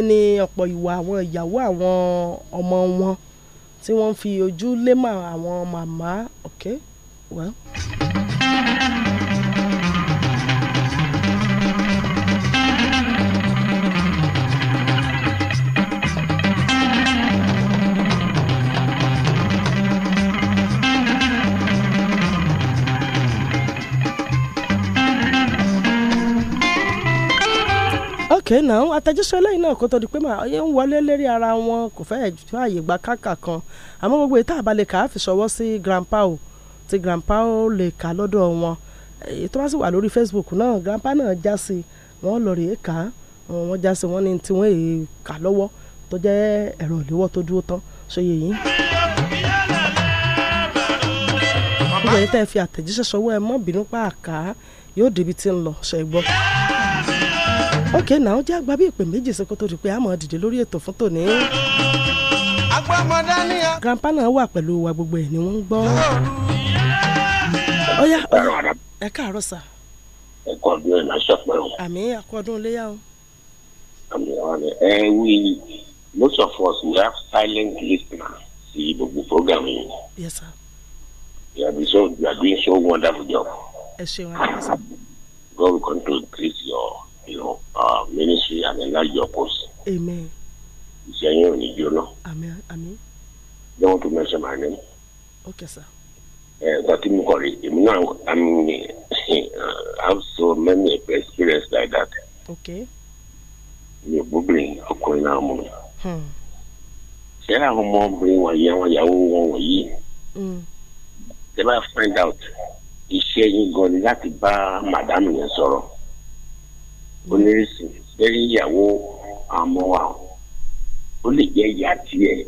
ní ọ̀pọ̀ ìwà àwọn ìyàwó àwọn ọmọ wọn tí wọ́n fi ojú lé mọ́ àwọn màmá okay? well. okay now àtẹ̀jíṣẹ́ lẹ́yìn náà kó tó di pé màá ń wọlé lérí ara wọn kò fẹ́ẹ̀ fààyè gba káàkà kan àmọ́ gbogbo ètò àbálẹ̀ kàá fi ṣọwọ́ sí grandpa o tí grandpa ó lè kà lọ́dọ̀ wọn èyí tó bá sì wà lórí Facebook náà grandpa náà já sí wọn lọ rèé kà á wọn já sí wọn ní tí wọn èyí kà lọ́wọ́ tó jẹ́ ẹ̀rọ ìléwọ́ tó dúró tán ṣòye yìí. gbogbo ẹni tẹ́ ẹ fi àtẹ̀jíṣẹ́ sọwọ́ ẹ mọ́ bínú pa àká yóò débi tí ń lọ ṣe gbọ́. ok náà jẹ́ àgbà bí ìpè méjì sí kó tó di pé a máa dìde lórí ètò fún tòní. grandpa náà wà pẹ̀lú wa gbogbo ẹ̀ ni wọ́n ń gbọ́ ọyá ọyá ẹ káàárọ̀ sà. ẹ kọ ọdún ẹ náà ṣọpẹ o. àmì àkọọdún léyà o. àmì ọ̀rẹ́ ẹ wí most of us we have silent listener sí gbogbo program yìí. yes sir. you are doing so you are doing so wonderful job. ẹ ṣeun ẹ sà. God will continue to increase your you know, uh, ministry and enlarge your post. amen. ìṣẹ́yìn ò ní jóná. àmín àmín. don't want to mention my name. okay sir. But in Hori, now I mean, I have so many experience like that. Okay. You're bubbling, okay, now. Hmm. Say, I'm more bring one year, one year, one year. Hmm. They might find out iṣẹ́ yín gan ni láti bá màdámù yẹn sọ̀rọ̀ onírìsìn hmm. lẹ́yìn ìyàwó àmọ́ wa ó lè jẹ́ ìyá tiẹ̀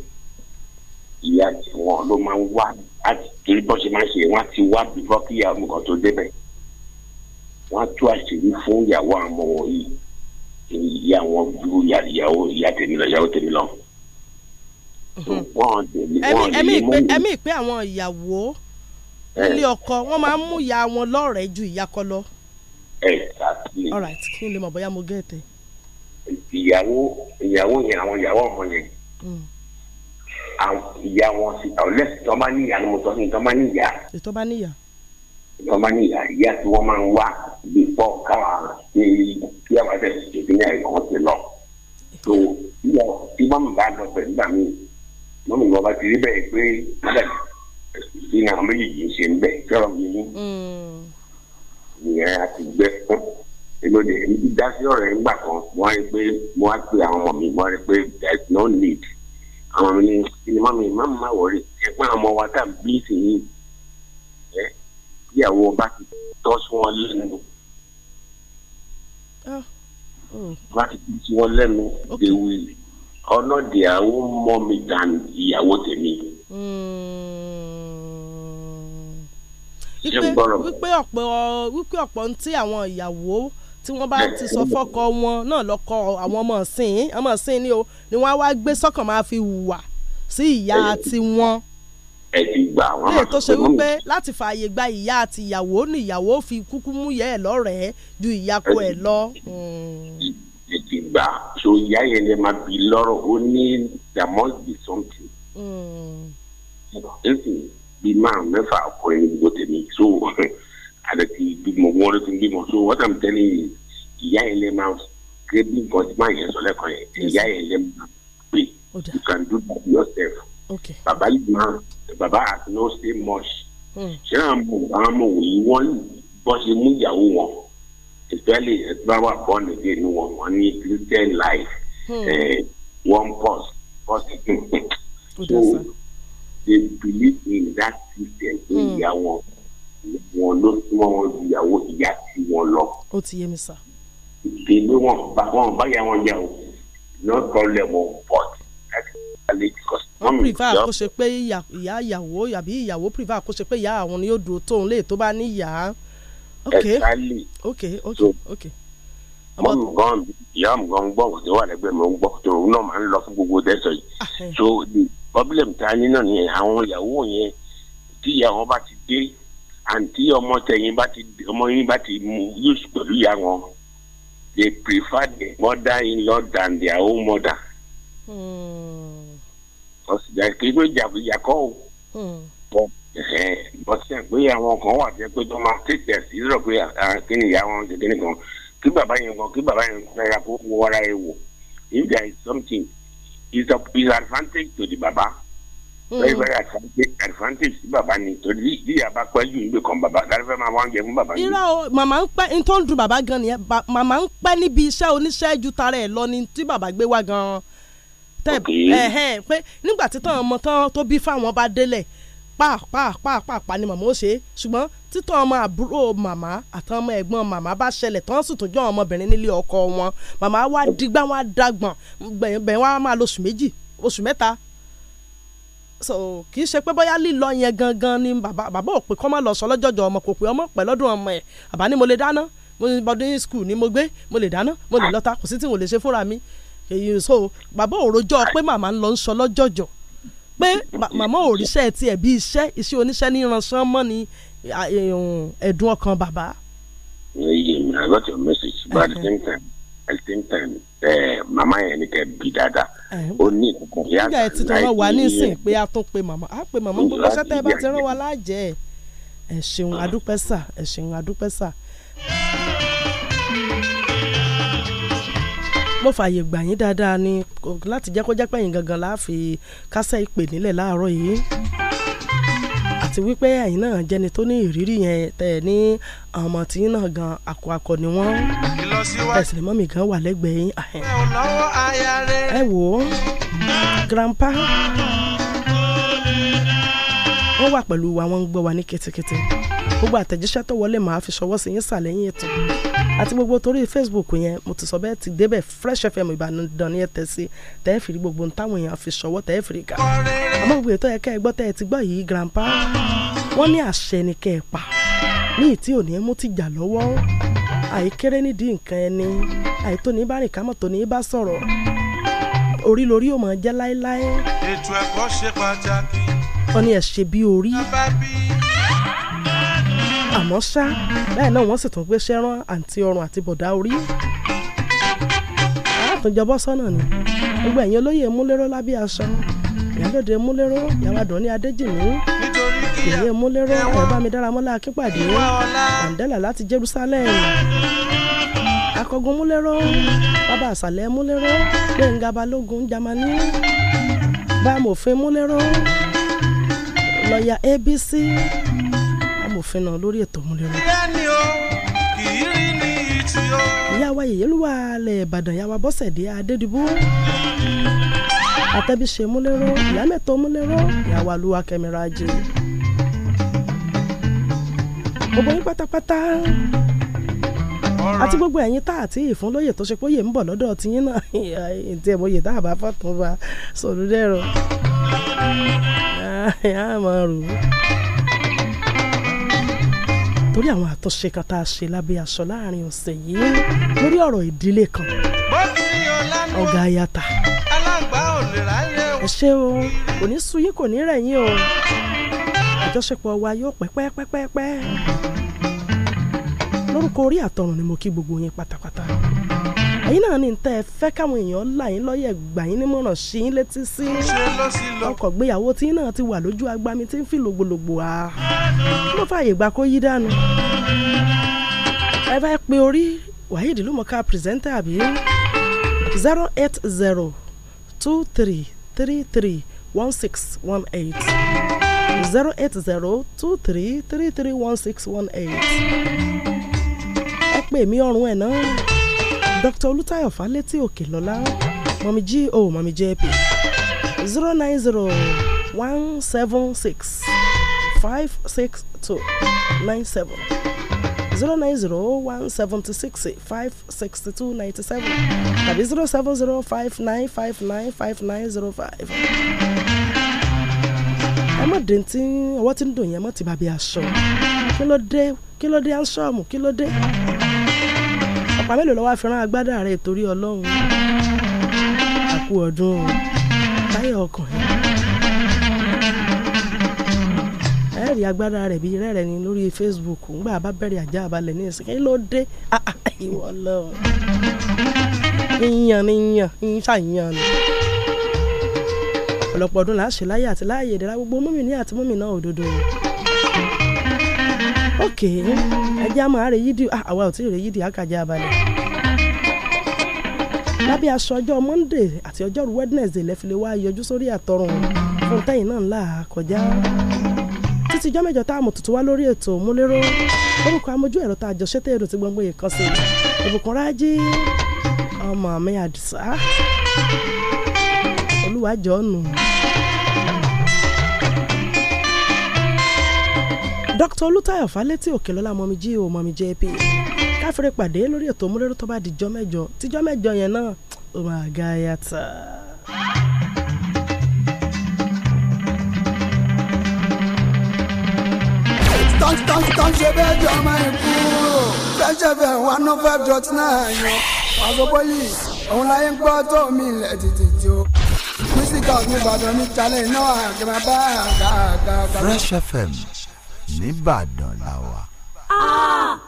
ìyá tiwọn ló máa ń wá àti bó ṣe máa ṣe wọ́n ti wá bífọ́ kí ìyàwó kan tó débẹ̀ wọ́n tú àṣírí fún ìyàwó àwọn ọmọ yìí ìyá wọn ju ìyàwó ìyá tèmi lọ ìyàwó tèmi lọ. Hmm. ẹ̀mí ìpè àwọn ìyàwó eh. ilé ọkọ wọn máa ń mú ìyá wọn lọ́rẹ̀ẹ́ ju ìyá kọ lọ. all right kí n lè mọ̀ bóyá mo gé ètè. ìyàwó ìyàwó yẹn àwọn ìyàwó ọmọ yẹn. Hmm ìyá wọn sí unless ìtọ́ bá níyà ni mo sọ fún ìtọ́ bá níyà. ìtọ́ bá níyà. ìtọ́ bá níyà ìyá tí wọ́n máa ń wá before káwa ṣe kí àwọn ẹgbẹ́ ìṣèpínlẹ̀ ìwọ̀n ti lọ. tó yíyọ tí wọ́n bá lọ pẹ̀lú ìgbà míì lọ́mọ ìwọ bá ti rí bẹ́ẹ̀ pé mọ́tàdì bí àwọn méjèèjì ṣe ń bẹ̀ sọ̀rọ̀ mi ní. Hmm. ìyẹn a ti gbẹ fún ìlòdì ìdásí ọ̀rẹ́ ńgbà kan wọ́n rí pé wọ́n á pe àwọn ọmọ mi wọ́n rí pé there is no need àwọn mi ní sinimá mi má má wọlé ẹ̀gbọ́n àwọn wa tá à ń bí sèyí ẹ bí àwọn ọba ti tọ́ sí wọn lẹ́nu bá ti tọ́ sí wọn lẹ́nu déwì ọlọ́dẹ àwọn mọ́ mi dàn ìyàwó tèmi. Hmm. wípé ọ̀pọ̀ wípé ọ̀pọ̀ ń tí àwọn ìyàwó tí wọ́n bá ti sọ fọ́kọ wọn náà lọ́kọ àwọn ọmọ ìsìn ọmọ ìsìn ni o ni wọ́n á wá gbé sọ́kàn máa fi hùwà sí ìyá tiwọn. ẹ ti gbà wọn. lè tó ṣe wípé láti fààyè gba ìyá àti ìyàwó ni ìyàwó fi kúkú mú yẹ ẹ lọ́rẹ̀ẹ́ ju ìyàkọ ẹ lọ. ẹ ti gbà so ìyá yẹn lè máa bi lọ́rọ̀ ó ní there must be something. Hmm. bí máa mẹ́fà kọ́ ẹ̀ ń gbọ́ tèmi so àdàtì bímọ wọn ló ti bímọ so what i'm telling you ìyá yẹn lè máa gbé bí nǹkan tí máa yẹn sọ lẹ́kọ̀ọ́ yẹn ìyá yẹn lè máa gbé you can do that yourself. bàbá yìí máa bàbá has no say much. Hmm. ṣé àwọn ọmọ òyìn wọn bọ́ ṣe mú ìyàwó wọn especially ẹ̀tí bá wà born again wọn wọn ní christian life one hmm. pause pause so they believe in that system hmm. ìyàwó wọn ló súnmọ́ wọn ju ìyàwó ìyá tí wọ́n lọ. ó ti yé mi sá ìgbé wọn wọn báyà wọn jà o no problem o but wọ́n prefer kó pé ìyá ìyàwó àbí ìyàwó prefer kó pé ìyá àwọn ni yóò dúró tóun lè tó bá ní ìyá. okay okay okay okay. mọ mi gan ìyá mi gan gbọ́ òde wà lẹ́gbẹ̀ẹ́ mi ń gbọ́ tòun náà máa ń lọ fún gbogbo dẹ́sọ̀ yìí. Ah, eh. so the problem ta ni náà nìyẹn àwọn ìyàwó yẹn tí ìyàwó bá ti dé àǹtí ọmọ tẹ̀yìn bá ti ọmọ yín bá ti mú use pẹ̀lú ìyá wọn they prefer the mother-in-law than their own mother. ọ̀sìdá kì í pé jàbíyàkọ́ o. bọ́sẹ̀ pé àwọn kan wà jẹ́ pé tó máa tètè sí rọ̀ pé kí ni ìyá wọn kékeré kan kí bàbá yẹn kan kí bàbá yẹn kan yà kó wọ ara ẹ wò if there is something it's, a, it's an advantage to the baba. Mm. very very advantage sí bàbá ni torí bí yàrá pẹ́ jù níbi kan bàbá gàrífẹ́ máa wá oúnjẹ fún bàbá yìí. irọ́ o màmá ń pẹ́ n tó ń dun bàbá gan nìyẹn màmá ń pẹ́ níbi iṣẹ́ oníṣẹ́ ju tara ẹ̀ lọ ni tí bàbá gbé wá gan-an tẹ ẹhẹn pé nígbà tí tán ọmọ tán tó bí fáwọn bá délẹ̀ pàápàápàápàá ni màmá ó ṣe ṣùgbọ́n títọ́ ọmọ àbúrò màmá àtàwọn ọmọ ẹ̀gbọ́n màmá bá ṣẹlẹ̀ tán sì tún jọ ọmọbìnrin nílé ọkọ wọn màmá wá dígbà wá dàgbọ̀n bẹ̀yẹn wá máa lo oṣù méjì oṣù mẹ́ta so kì í ṣe pé bóyá lílọ yẹn gangan ni bàbá bàbá ò pé kọ́ má lọ sọ lọ́jọ́jọ́ ọmọ kò pé ọmọ pẹ̀ lọ́dún ọmọ ẹ̀ bàbá ni mo lè dáná mo ní bọ́dún skul ni mo gbé mo lè dáná mo lè lọ́ta kò sí tí mo lè ṣe fúnra mi èyí so bàbá ò rojọ́ pé màmá ń lọ ń sọ lọ́jọ́jọ́ pé màmá ò ríṣẹ́ tiẹ̀ bí iṣẹ́ iṣẹ́ oníṣẹ́ ní ìránṣán mọ́ ni ẹ̀dùn ọkàn bàbá. I got your message but at the same time at the same time eh, màmá yẹn ni ó ní ìkùnkùn yá. nígbà ẹ ti tọrọ wá pé a tún pe màmá a pe màmá gbogbo ṣẹ́tẹ́ ẹ bá ti rán wa láàjẹ́ ẹ̀ ẹ̀ ṣeun adúpẹ́ mo fààyè gbà yín dáadáa ni láti jẹ́ kó jẹ́ pẹ́yìn gangan láàfin kásẹ̀ ìpè nílẹ̀ láàárọ̀ yìí àti wípé ẹ̀yin náà jẹni tó ní ìrírí yẹn tẹ̀ ní ọmọ tí náà gan akọ-akọ ni wọ́n tẹ̀sílẹ̀ mọ́mì gan wà lẹ́gbẹ̀ẹ́ yín wò ó grandpa wọ́n wà pẹ̀lú wa wọ́n ń gbọ́ wa ní ketekete gbogbo àtẹ̀jíṣẹ́ tó wọlé màá fi ṣọwọ́ sí yín sàlẹ̀ ètò àti gbogbo torí Facebook yẹn mo ti sọ bẹ́ẹ̀ ti débẹ̀ Fresh FM Ìbàdàn ni ẹ sí tẹ́ẹ̀ gbogbo táwọn èèyàn fi ṣọwọ́ tẹ́ẹ̀ fìrí àmọ́ gbogbo ètò ẹ̀ka ẹ̀gbọ́ tẹ́ ẹ ti gbọ́ yìí grandpa wọ́n ní àṣẹ ni kẹ́ ẹ pa ní ìtí òní ẹ mú ti jà lọ́wọ́ àìkéré nídìí nǹkan ẹni àìtó ní bá rìn kámọ̀ tó ní bá sọ̀rọ̀ orí lórí ò mọ̀ jẹ́ láéláé. ètò ẹ̀kọ́ ṣe pàtàkì wọ́n ní ẹ ṣe bí orí àmọ́ ṣá báyìí náà wọ́n sì tún gbé ṣẹ́rán àǹtí ọrùn àti bọ̀dá orí àtúnjọbọ sọ́nà ni gbogbo ẹ̀yin olóyè múlẹ́rọ́ lábẹ́ aṣọ ìyálòde múlẹ́rọ́ yàwádùn ní adéjìmí ìyẹn múlẹ́rọ́ ẹ̀bámi dáramọ́lá akínpàdé mandela láti jerusalem akọgun múlẹ́rọ́ bàbá àṣàlẹ̀ múlẹ́rọ́ gbẹ̀ngà balógun jamani bámòfin múlẹ́rọ́. lọ́ọ̀yà ABC amòfin náà lórí ètò òmùlẹ́rọ. ìyá wa yèyélúwà alẹ́ ìbàdàn ìyá wa bọ́sẹ̀dé adédìbò atẹ́bíṣe múlẹ́rọ ìyá mẹ́tọ́ múlẹ́rọ ìyá wa lúwa kẹmẹ́rà jẹ. gbogbo yín gbogbo ẹ̀yin tá àti ìfúnlóye tó ṣe pé òye ń bọ̀ lọ́dọ̀ tiyín náà tá a bá àyà máa rò ó. torí àwọn àtúnṣe kan tá a ṣe lábẹ́ aṣọ láàrin ọ̀sẹ̀ yìí lórí ọ̀rọ̀ ìdílé kan ọ̀gá ayata ẹ ṣé o kò ní suyín kò ní rẹ̀yìn o àjọṣepọ̀ wa yóò pẹ́ pẹ́ pẹ́ pẹ́ pẹ́ lórúkọ orí àtọ̀run ni mo kí gbogbo yín pátápátá ẹ̀yin náà ní tẹ́ ẹ fẹ́ káwọn èèyàn là yín lọ́yẹ̀ gbà yín nímọ̀ràn sí yín létí sí ọkọ̀ gbéyàwó tí yín náà ti wà lójú agbami tí ń fi lògbòlògbò à ló fààyè gbà kó yí dànù ẹ bá pe orí wahid lumọka pírẹsẹ́ńtà àbí zero eight zero two three three three one six one eight zero eight zero two three three three one six one eight ẹ pè mí ọrùn ẹ̀ náà. Dr. Olutayo Faleti Okelola, Mami G O oh, Mami JP, zero zero zero zero nine nine nine one one seven seven six six five two 090-176-56297, 090-176-56297, tàbí nine 5959 5905 Ẹ má dín tí ọwọ́ ti ń dùn yẹn mọ́ ti bàbí aṣọ. Kí ló dé? Kí ló dé aṣọ àmù? Kí ló dé? ọ̀pá mélòó ló wá fi rán agbádá rẹ̀ torí ọlọ́run àkú ọdún o ọkàn ẹ̀ rí agbádá rẹ̀ bíi rẹ́rẹ̀ ni lórí Facebook ńgbà bá bẹ̀rẹ̀ àjà àbálẹ̀ ní ìsìnkú kí ló dé ah, ah, ah, ìwọ ọlọ́run ìyàn ni ìyàn ìṣàyàn ni ọ̀pọ̀lọpọ̀ ọdún là á ṣe láyé àti láàyè ìdẹ́ra gbogbo mọ́mì ní àti mọ́mì náà òdodo ok ẹjẹ́ a máa rè yídì ah, àwa ò tí ì rè yídì àkàjẹ́ abalẹ̀ lábẹ́ aṣọ ọjọ́ monday àti ọjọ́rú wednesday lẹ́fìlẹ́ wá yọjú sórí àtọrùn fún tẹ́yìn náà ńlá kọjá títí ijọ́ mẹ́jọ táàmù tuntun wá lórí ètò múlẹ́rọ́ orúkọ amójú ẹ̀rọ tá a jọ ṣètò èrò tí gbọ́ngbọ́n yìí kan sí ìbùkún rájí ọmọ mi àdìsá olúwa jọ̀ọ́ nù. dr olùtayọ̀ falẹ́tì òkèlọ́lá mọ̀mí jí o mọ̀mí jẹ́ pé káfíńrẹ́ pàdé lórí ètò múlẹ́rú tó bá dijọ́ mẹ́jọ tíjọ́ mẹ́jọ yẹn náà ó máa ga yàtọ̀. tọ́ntọ́n láyé ń gbọ́ tó mi ilẹ̀ títí tí mísíkà ọ̀gbìn ìbàdàn mi jalè náà àgbẹ̀ bá àgbà àgbà. Fresh FM nìbàdàn làwà. Ah!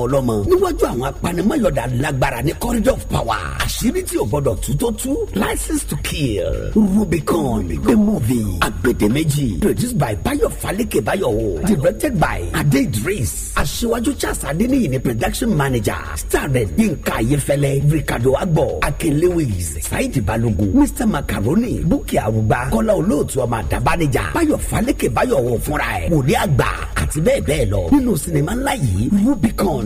ọlọ́mọ níwájú àwọn apanimọ̀yọ̀dà lagbara ní corridor of power àṣírí tí o gbọ́dọ̀ tú tó license to kill rubicon the movie agbèdémèjì produced by bayo falike bayo directed by ade idris aṣíwájú charles adeniyi ni production manager starred yinka ayefẹlẹ ricardo agbo akin lewis saidi balogun mr macaroni bukki Aruba, kọ́lá olóòtú ọmọ àdàbánijà bayo falike bayo wò fúnra ẹ̀ wòlíì àgbà àti bẹ́ẹ̀ bẹ́ẹ̀ lọ nínú sinimá ńlá yìí rubicon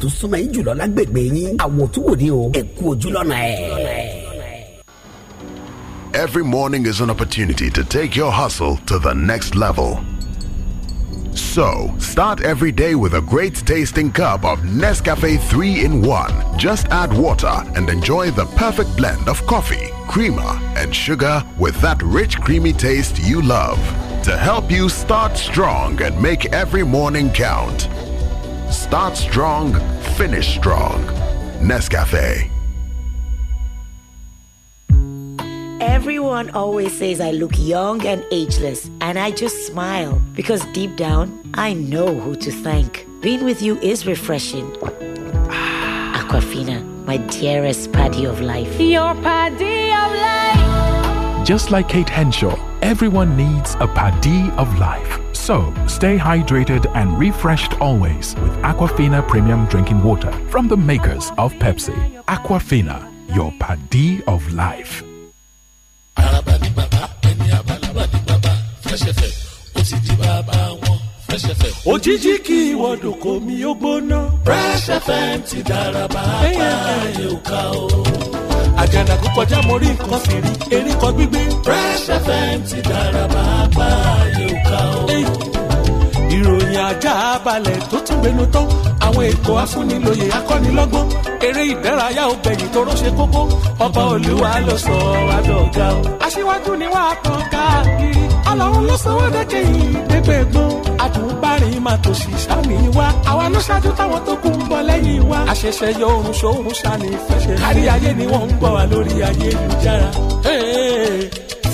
tó súnmọ́ yín jùlọ lágbègbè yín àwòtúwò ni o ẹ kú ni oe lọ́nà ẹ̀. Every morning is an opportunity to take your hustle to the next level. So, start every day with a great tasting cup of Nescafe 3 in 1. Just add water and enjoy the perfect blend of coffee, creamer, and sugar with that rich, creamy taste you love to help you start strong and make every morning count. Start strong, finish strong. Nescafe. Everyone always says I look young and ageless, and I just smile because deep down, I know who to thank. Being with you is refreshing. Aquafina, my dearest paddy of life. Your paddy of life. Just like Kate Henshaw, everyone needs a padi of life. So stay hydrated and refreshed always with Aquafina Premium Drinking Water from the makers of Pepsi. Aquafina, your padi of life. òjijì kí kò mí ó gbóná. fresh fm ti dára bá a o. àjànàkú kọjá mo rí nǹkan fìrí erékọ gbígbé. Fresh FM ti dára bàbá yóò ká o. ìròyìn ajá balẹ̀ tó tún gbénu tán àwọn ètò afúnilòyè akọ́nilọ́gbọ́n eré ìdárayá obìnrin tó rọ́ṣẹ́ kókó ọba olúwa ló sọ wá o. aṣíwájú ni wàá tàn káàkiri ọlọ́run ló sanwó dẹ́kẹ́ yìí dẹ́gbẹ́ gbó àtúbárìn máa tò sí sáni wa àwa ló ṣáájú táwọn tó kù ń bọ̀ lẹ́yìn wa àṣẹ̀ṣẹ̀ yọ oorun ṣòorun ṣàní fẹsẹ̀ kárí ayé ni wọ́n ń gbọ́ wa lórí ayélujára.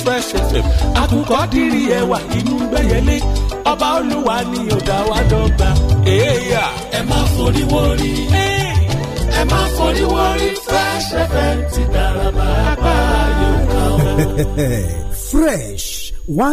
fresh fm àkùkọ dìrì ẹwà inú gbẹ̀yẹlé ọba olúwa ni ó wa dọ́gba. ẹ má forí wọrí ẹ má forí wọrí fresh fm ti dára bàbá yóò kàn wá. fresh one.